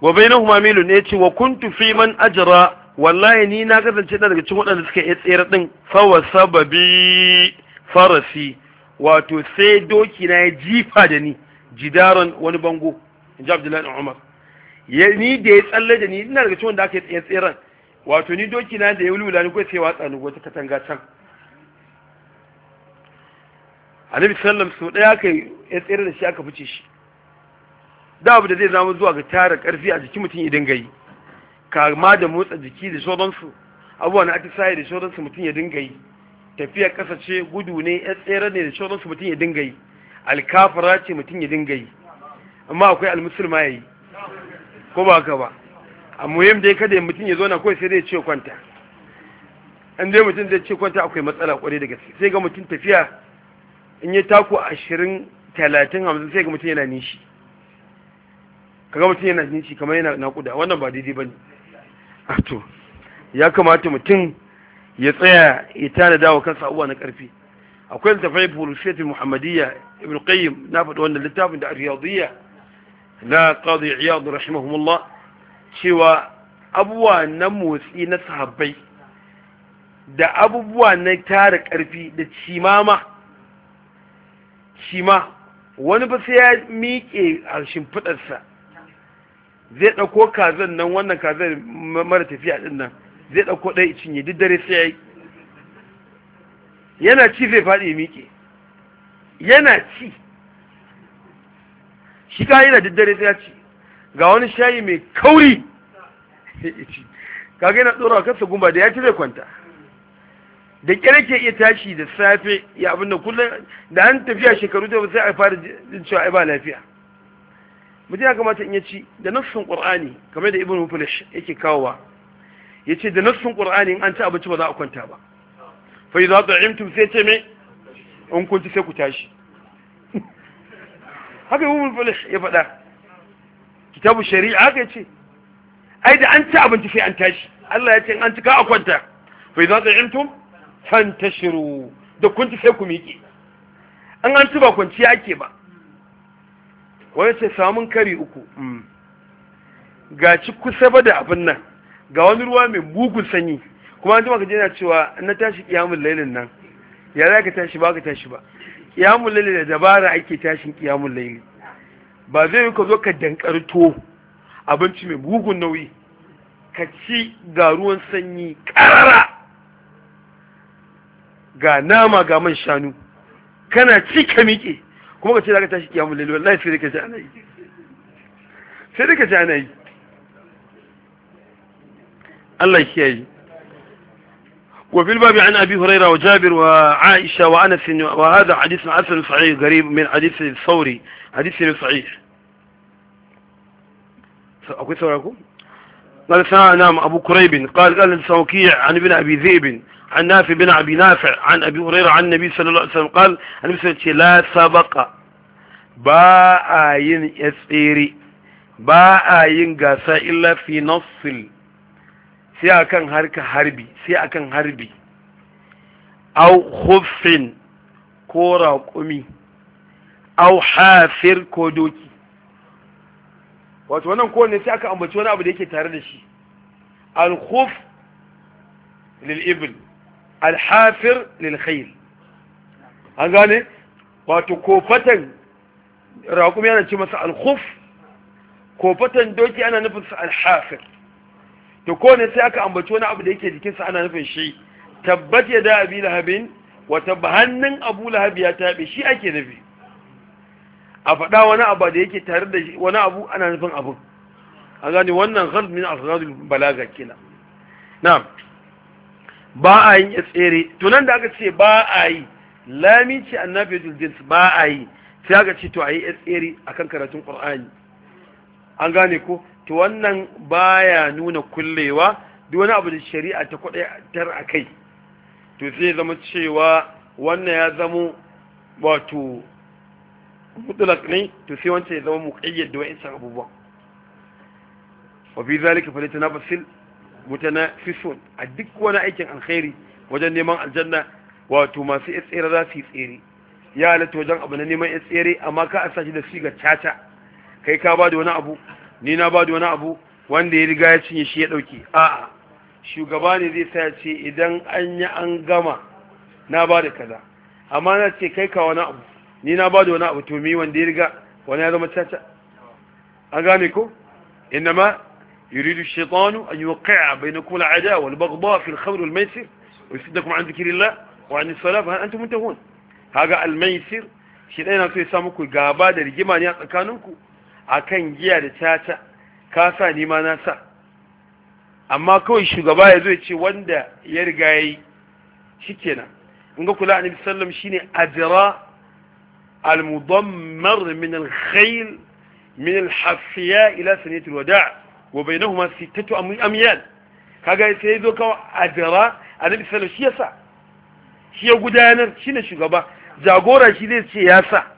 wa bainahuma milu ne ce wa kuntu fi man ajra wallahi ni na kasance daga cikin waɗanda suka yi tsere din wa sababi farasi wato sai doki na ya jifa da ni jidaran wani bango in ji abdullahi umar ni da ya tsalle da ni ina daga cikin wanda aka yi tseren wato ni doki na da ya wulwula ni ko sai watsa ni wata katanga can annabi sallam so daya aka ya tsere da shi aka fice shi da abu da zai zama zuwa ga tara karfi a jikin mutum idan gayi kama da motsa jiki da sauransu abubuwa na atisaye da sauransu mutum ya dinga yi tafiya ƙasa ce gudu ne ya tsere ne da sauransu mutum ya dinga yi alkafara ce mutum ya dinga yi amma akwai almusulma ya yi ko ba ka ba a da ya kada mutum ya zo na kawai sai dai ce kwanta an zai mutum zai ce kwanta akwai matsala kwarai da gaske sai ga mutum tafiya in ya taku ashirin talatin hamsin sai ga mutum yana nishi kaga mutum yana nishi kamar yana nakuda wannan ba daidai ba ne a to ya kamata mutum ya tsaya ya tana dawa kansa abuwa na karfi akwai littafai bulusiyat muhammadiyya ibn qayyim na faɗi wannan littafin da riyadiyya na qadi iyad rahimahumullah cewa abubuwa na motsi na sahabbai da abubuwa na tara ƙarfi da cimama cima wani ba sai ya miƙe a shimfiɗarsa zai ɗauko kazan nan wannan kazan mara tafiya ɗin nan zai ɗauko ɗaya cinye duk dare sai ya yi yana ci zai faɗi miƙe yana ci shi ka yi na duk dare sai ya ci ga wani shayi mai kauri kaga yana tsoron kansa gumba da ya ci zai kwanta da kyar ke iya tashi da safe ya abin da kullum da an tafiya shekaru da sai a fara jin cewa ai ba lafiya mutum ya kamata in ya ci da nassun qur'ani kamar da ibnu fulish yake kawowa yace da nassun qur'ani in an ci abinci ba za a kwanta ba fa idza ta'imtum sai ce me in kun ci sai ku tashi *laughs* haka ibnu fulish ya faɗa kitabu shari'a haka yace ai da an ci abinci sai an tashi Allah ya ce an ci ka a kwanta fa idza ta'imtum fantashiru da kun ci sai ku miƙe an an ci ba kwanciya yake ba wani ce samun kari uku mm. ga ci kusa ba da abin nan ga wani ruwa mai bugun sanyi kuma an jima ka jina cewa na tashi kiyamun lailin nan ya za ka tashi ba ka tashi ba kiyamun lailin da dabara ake tashin kiyamun lailin ba zai yi ka zo ka dankari to abinci mai mugun nauyi ka ci ga ruwan sanyi ƙarara ga nama ga man shanu kana ci ka miƙe kuma ka ce za ka tashi kiyamun lalu lai sai ka ana yi sai ka ce ana yi Allah ya yi. وفي الباب عن أبي هريرة وجابر وعائشة وأنس وهذا حديث حسن صحيح قريب من حديث الثوري حديث صحيح أقول ثوركم قال سنا نام أبو كريب قال قال السوكيع عن ابن أبي ذئب عن نافع بن أبي نافع عن أبي هريرة عن النبي صلى الله عليه وسلم قال النبي صلى الله عليه وسلم لا سبق باء آين يسيري باء آين قاسا إلا في نص sai akan harka harbi sai akan harbi au khuffin ko raƙumi au hafir ko doki wato wannan kowane sai aka ambaci wani abu da yake tare da shi al-khuf lil-ibil al-hafir lil-khayl an gane wato kofatan raƙumi yana ce masa al-khuf kofatan doki ana nufin sa al-hafir to kowane sai aka ambaci wani abu da yake jikinsa ana nufin shi tabbat ya da abi lahabin wata hannun abu lahabi ya taɓe shi ake nufi a faɗa wani abu da yake tare da wani abu ana nufin abu a gani wannan gharz min asghadul balaga kina na'am ba a yin tsere to nan da aka ce ba a yi lamici annabiyul jins ba a yi sai aka ce to a yi tsere akan karatun qur'ani an gane ko to wannan baya nuna kullewa duk wani abu da shari'a ta kwadaitar a kai to zai zama cewa wannan ya zama wato mutulak ne to sai wancan ya zama muƙayyar da wa'insan abubuwan wafi zalika falita na fasil mutana fison a duk wani aikin alkhairi wajen neman aljanna wato masu ya tsere za su yi tsere ya halatta wajen abu na neman ya tsere amma ka a sashi da siga caca kai ka ba da wani abu ni na ba da wani abu wanda ya riga ya cinye shi ya ɗauki a'a shugaba ne zai sa ce idan an yi an gama na ba da kaza amma na ce kai ka wani abu ni na ba da wani abu to mi wanda ya riga wani ya zama caca an gane ko ma yuridu shaytanu an yuqi'a bainakum al'ada wal baghdha fi al-khamr wal maisir wa yusaddakum an dhikrillah wa an as-salat hal antum muntahun haga al-maisir shi dai na so ya samu ku gaba da rigima ne a tsakaninku akan giya da caca ka sa ni ma na sa amma kawai shugaba ya zo ya ce wanda ya riga ya yi kenan in ga kula annabi sallam shine ajra al-mudammar min al-khayl min al-hafiya ila saniyat al-wada' wa bainahuma sittatu amyal kaga sai ya zo kawai ajra annabi sallam shi ya sa shi ya gudanar shine shugaba jagora shi zai ce ya sa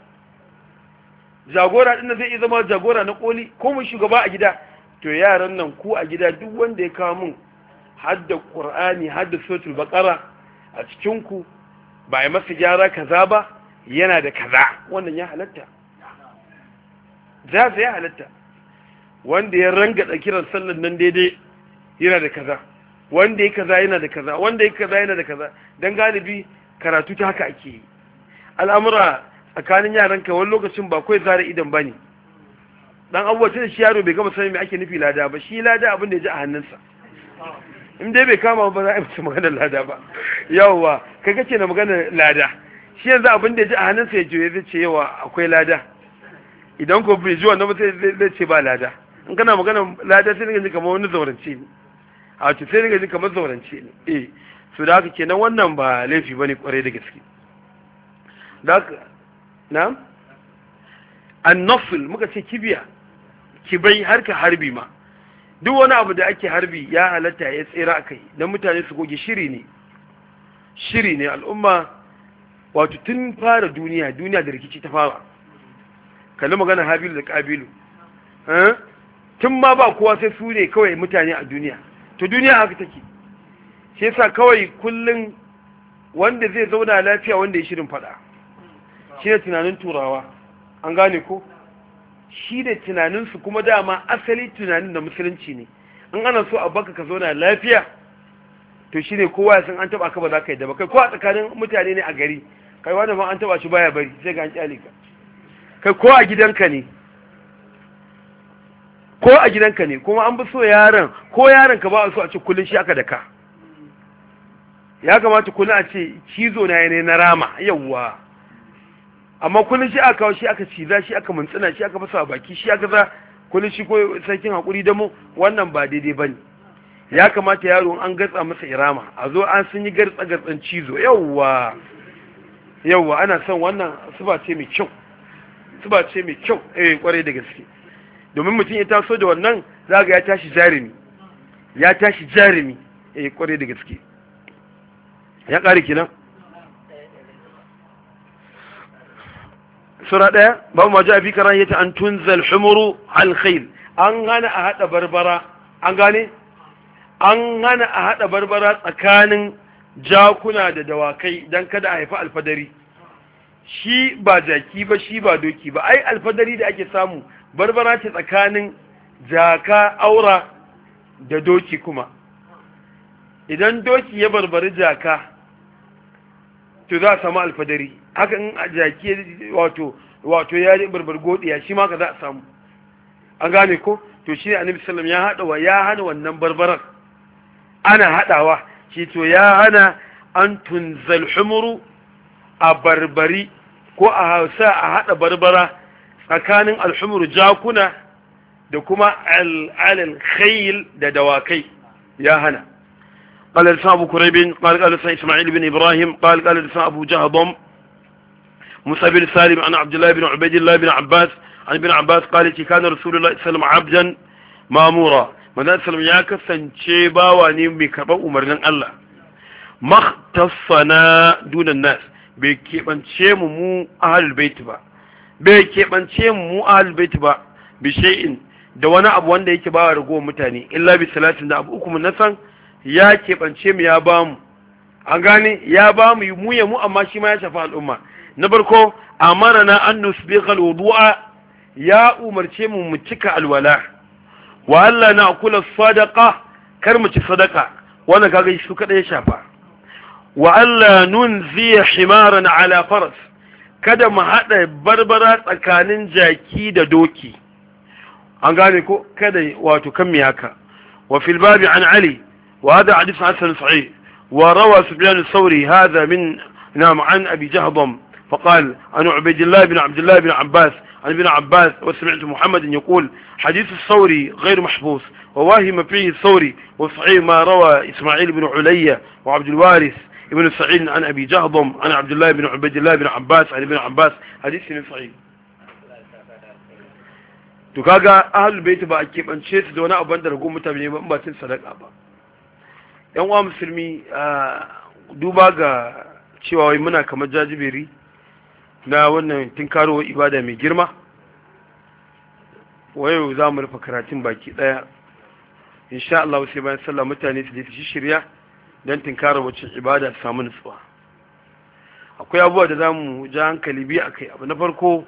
jagora ɗin zai iya zama jagora na koli ko mu shugaba a gida to yaran nan ko a gida duk wanda ya kawo mun hadda qur'ani hadda suratul baqara a cikin ku ba ya masa gyara kaza ba yana da kaza wannan ya halatta za ya halatta wanda ya ranga kiran sallan nan daidai yana da kaza wanda ya kaza yana da kaza wanda ya kaza yana da kaza Dan galibi karatu ta haka ake yi al'amura tsakanin yaranka wani lokacin ba kawai zara idan ba ne dan abubuwa da shi yaro bai gama sanin me ake nufi lada ba shi lada abin da ya ji a hannunsa in dai bai kama ba za a yi masa maganar lada ba yawwa kai kace na maganar lada shi yanzu abin da ya ji a hannunsa ya juye zai ce yawa akwai lada idan ko bai ji wannan ba zai ce ba lada in kana maganar lada sai ka ji kamar wani zaurance ne a wace sai ka ji kamar zaurance ne eh su da haka kenan wannan ba laifi bane kwarai da gaske da haka na'am annofil muka ce kibiya kibai har ka harbi ma duk wani abu da ake harbi ya halatta ya tsira a kai don mutane su goge shiri ne shiri ne al'umma wato tun fara duniya duniya da rikici ta fara kalli magana habilu da kabilu eh? tun ma ba kowa sai su ne kawai mutane a duniya to duniya haka take shi yasa kawai kullum wanda zai zauna lafiya wanda ya shirin fada shi ne tunanin turawa an gane ko shi ne tunaninsu kuma dama asali tunanin da musulunci ne in ana so a baka ka zauna lafiya to shi ne kowa ya san an taba ka ba za ka yi da bakai kai ko a tsakanin mutane ne a gari kai wanda ma an taba shi baya bari sai ga an kyale ka kai ko a gidanka ne ko a gidanka ne kuma an bi so yaron ko yaron ka ba a so a ce kullun shi aka da ka ya kamata kullun a ce cizo na ne na rama yawwa amma kullum shi aka kawo shi aka ciza shi aka mantsina shi aka fasa baki shi aka za kullum shi ko sarkin hakuri da mu wannan ba daidai bane ya kamata yaro an gatsa masa irama a zo an sun yi gartsa gartsan cizo yawwa yawwa ana son wannan suba ce mai kyau suba ce mai kyau eh kwarai da gaske domin mutum ya taso da wannan zaga ya tashi jarumi ya tashi jarumi eh kwarai da gaske ya kare kenan sura ɗaya babu ma ja'a fi karan yace an tunzal humuru al an hana a hada barbara an gane an gane a hada barbara tsakanin jakuna da dawakai dan kada a haifi alfadari shi ba jaki ba shi ba doki ba ai alfadari da ake samu barbara ce tsakanin jaka aura da doki kuma idan doki ya barbari jaka to za a samu alfadari haka in a jaki wato wato ya yi barbar godiya shi ma ka za a samu an gane ko to shi ne annabi sallam ya hada wa ya hana wannan barbarar ana haɗawa shi to ya hana an tunzal humuru a barbari ko a hausa a haɗa barbara tsakanin alhumuru jakuna da kuma al'alil khayl da dawakai ya hana قال لسان أبو كريب قال قال isma'il إسماعيل بن إبراهيم قال قال لسان أبو موسى بن سالم عن عبد الله بن عبيد الله بن عباس عن ابن عباس قال كان رسول الله صلى الله عليه وسلم عبدا ya kasance bawa ne mai karɓar umarnin Allah makhtasana dunan nas bai keɓance mu mu ahlul ba bai keɓance mu mu ahlul ba bi shay'in da wani abu wanda yake bawa ragowar mutane illa bi salatin da abu uku mun san ya keɓance mu ya bamu an gane ya bamu ya mu amma shi ya shafa al'umma na farko amarana an nusbiqa alwudu'a ya umarce mu mu cika alwala wa Allah na kula sadaka kar mu ci sadaka wannan kaga shi kada ya shafa wa Allah nunzi himaran ala faras kada mu hada barbara tsakanin jaki da doki an gane ko kada wato kan mi haka wa fil babi an ali wa hada hadith hasan sahih وروى سفيان الثوري هذا من نعم عن أبي فقال أنا عبيد الله بن عبد الله بن عباس عن ابن عباس وسمعت محمد يقول حديث الثوري غير محبوس وواهم فيه الثوري وصحيح ما روى إسماعيل بن علية وعبد الوارث ابن سعيد عن أبي جهضم عن عبد الله بن عبد الله بن عباس عن ابن عباس حديث من صحيح to kaga ahlul bait ba a kebance su da wani abu da rago mutane ba ba cin sadaka ba yan uwa musulmi duba ga cewa wai muna kamar jajiberi na wannan tinkarowar ibada mai girma wayo za mu rufe karatun baki daya insha Allah sai bayan sallah mutane su je shirya don tinkarar wacce ibada samu nutsuwa akwai abubuwa da za mu ja hankali biyu a kai abu na farko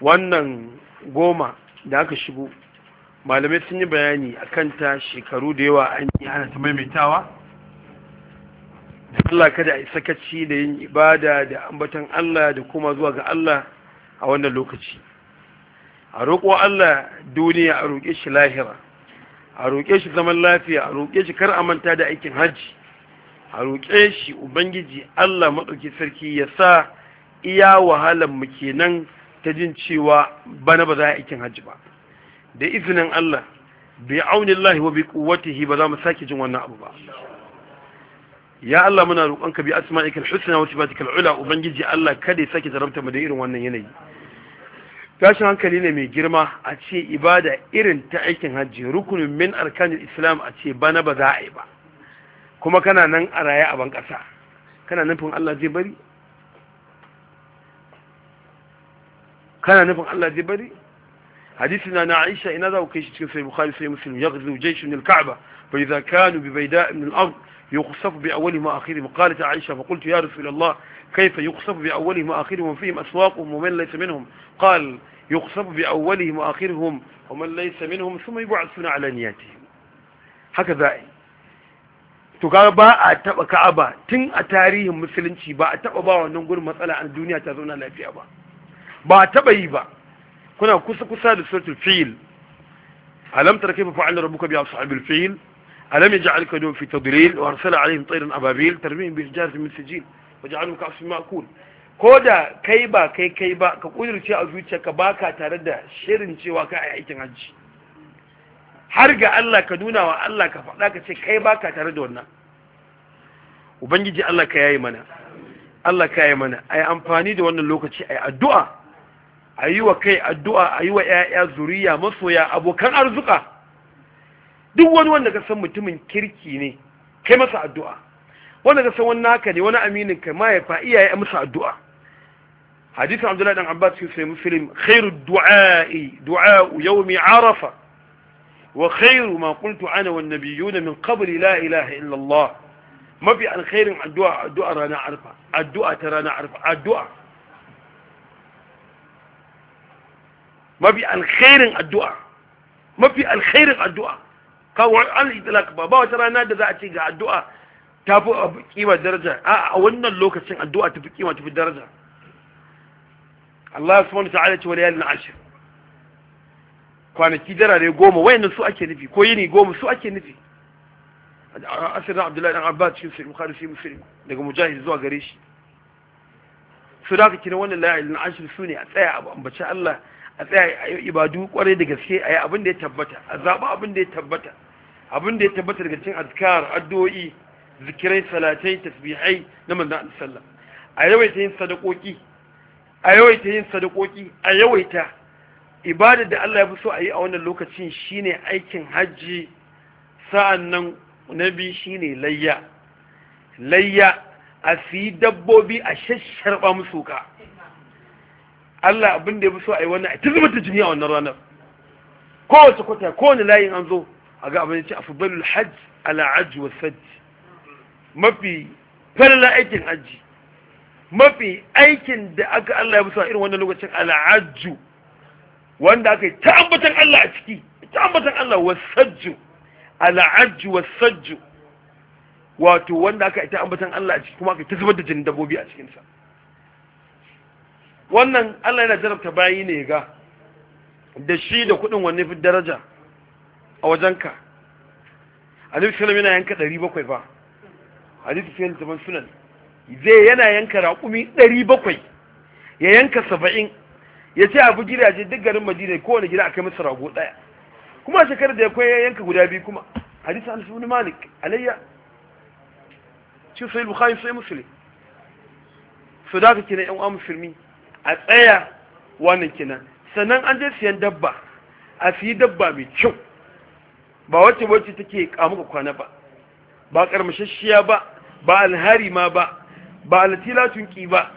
wannan goma da aka shigo malamai sun yi bayani a kanta shekaru da yawa an yi hana ta maimaitawa Allah kada a sakaci da yin ibada da ambatan Allah da kuma zuwa ga Allah a wannan lokaci a roƙo Allah duniya a roƙe shi lahira a roƙe shi zaman lafiya a roƙe shi kar a manta da aikin hajji a roƙe shi ubangiji Allah maɗauki sarki ya sa iya wahalar mu kenan ta jin cewa bana ba za a aikin hajji ba da izinin Allah bi aunillahi wa bi quwwatihi ba za mu sake jin wannan abu ba ya Allah muna roƙonka bi asma'ikal husna wa sifatikal ula ubangiji Allah kada ya sake zarabta mu da irin wannan yanayi tashin hankali ne mai girma a ce ibada irin ta aikin hajji rukunin min arkanin islam a ce bana ba za a yi ba kuma kana nan a raye a ban ƙasa kana nufin Allah zai bari kana nufin Allah zai bari hadisi na na Aisha ina za ku kai shi cikin sai Bukhari sai Muslim yaghzu jayshun al-Ka'ba fa idza kanu bi bayda' min al-ard يخصف بأولهم وآخرهم قالت عائشة فقلت يا رسول الله كيف يخصف بأولهم وآخرهم فيهم أسواقهم ومن ليس منهم قال يخصف بأولهم وآخرهم ومن ليس منهم ثم يبعثون على نياتهم هكذا to ga ba a taba ka'aba tun a tarihin musulunci ba a taba ba wannan gurin matsala a duniya ta zauna lafiya ba ba a taba yi ba kuna kusa da suratul fil alam tara kayfa fa'ala fil ألم يجعل كيدهم في تضليل وأرسل عليهم طيرا أبابيل ترميهم بحجارة من سجيل وجعلهم كعصف مأكول كودا كيبا كي كيبا كقدر شيء أو فيتشا كباكا تردى شيرين شيء وكا أيتين هجي حرق الله كدونا والله كفعلا كشي كيبا كتردى ونا وبنجي الله كياي منا الله كياي منا أي أمفاني دو أن اللوكة أي الدعاء أيوة كي الدعاء أيوة يا يا زوريا مصويا أبو كان أرزقه duk wani wanda ka san mutumin kirki ne kai masa addu'a wanda ka san wani naka ne wani aminin kai ma ya fa iyaye masa addu'a hadisi abdullahi dan abbas cikin sai muslim khairu du'a'i du'a yawmi arafa wa khairu ma qultu ana wan nabiyyun min qabli la ilaha illa allah mafi alkhairin addu'a addu'a rana arfa addu'a ta rana arfa addu'a mafi alkhairin addu'a mafi alkhairin addu'a kawo al-itlaq ba ba wata rana da za a ce ga addu'a ta fi kima daraja a wannan lokacin addu'a ta fi kima ta fi daraja Allah subhanahu wa ta'ala ce wal yalin ashir kwanaki darare goma wayannan su ake nufi ko yini goma su ake nufi asirin abdullahi dan abba cikin sahih bukhari sai muslim daga mujahid zuwa gare shi su da kake wannan layalin ashir su ne, a tsaya a ambaci Allah a tsaya a ibadu kwarai da gaske a yi abin da ya tabbata a zaba abin da ya tabbata abin da ya tabbata daga cikin azkar addu'o'i zikirai salatai tasbihai na manzon sallallahu a yawaita yin sadakoki a yawaita yin sadakoki a yawaita ibada da Allah ya fi so a yi a wannan lokacin shine aikin hajji sa'annan na biyu shine layya layya a siyi dabbobi a shasharba musu ka Allah abin da ya fi so a yi wannan a ta zuba ta jini a wannan ranar kowace kwata kowane layin an zo a ga abin ce afdalul hajj ala ajj wa sajji mafi farla aikin hajji mafi aikin da aka Allah ya musa irin wannan lokacin ala ajj wanda aka yi ta ambatan Allah a ciki ta ambatan Allah wa sajju ala ajj wa sajju wato wanda aka yi ta ambatan Allah a ciki kuma aka ta zubar da jin dabobi a cikin sa wannan Allah yana jarabta bayi ne ga da shi da kudin wanne fi daraja a wajenka alif sunan yana yanka 700 ba, alif salam taban sunan zai yana yanka raƙumi 700 ya yanka 70 ya ce abu gidaje duk garin madina kowane gida akai masa rago ɗaya. kuma shekarar da ya kwaya yanka guda biyu kuma hadisi alif sunan malik alayya ci sai bukhari sai musulmi su da kake ne yan uwan musulmi a tsaya wannan kenan sannan an je siyan dabba a siyi dabba mai kyau ba wacce wacce take kamuka kwana ba ba karmashashiya ba ba alhari ma ba ba alatilatun ki ba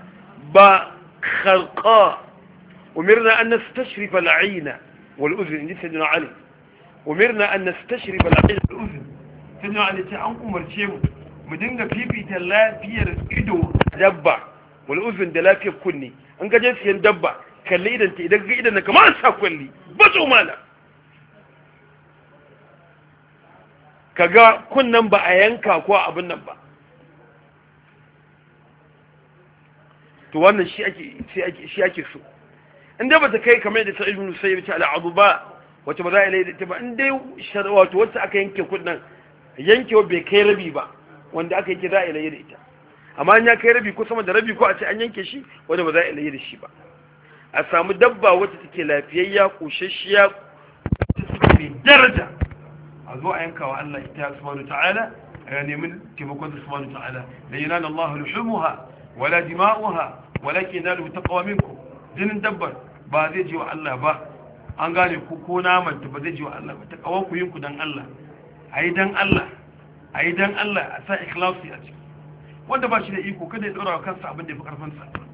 ba kharqa umirna an nastashrifa al'ayna wal udhun inji sayyidina ali umirna an nastashrifa al'ayna wal udhun sayyidina ali ta an umarce mu mu dinga fifita lafiyar ido dabba wal udhun da lafiyar kunni an gaje siyan dabba kalli idan ta idan ga idan ka ma sa kulli ba tsumala kaga kunnan ba a yanka ko abin nan ba to wannan shi ake shi ake so Inda ba bata kai kamar da sa'id ibn sayyid ta al'adu ba wace ba za a yi da ita ba in dai wato wacce aka yanke kunnan wa bai kai rabi ba wanda aka yanke za a yi da ita amma in ya kai rabi ko sama da rabi ko a ce an yanke shi wanda ba za a yi da shi ba a samu dabba wacce take lafiyayya kushashiya wacce daraja a zo a yanka wa Allah ita subhanahu ta'ala a nemi taimakon subhanahu ta'ala la yanala Allah luhumuha wala dima'uha walakin yanalu taqwa minkum jinin dabbar ba zai ji wa Allah ba an gane ku ko naman ta ba zai ji wa Allah ba ta kawo ku yin ku dan Allah ayi dan Allah ayi dan Allah a sa ikhlasi a ciki wanda ba shi da iko kada ya dora kansa abin da ya fi karfin sa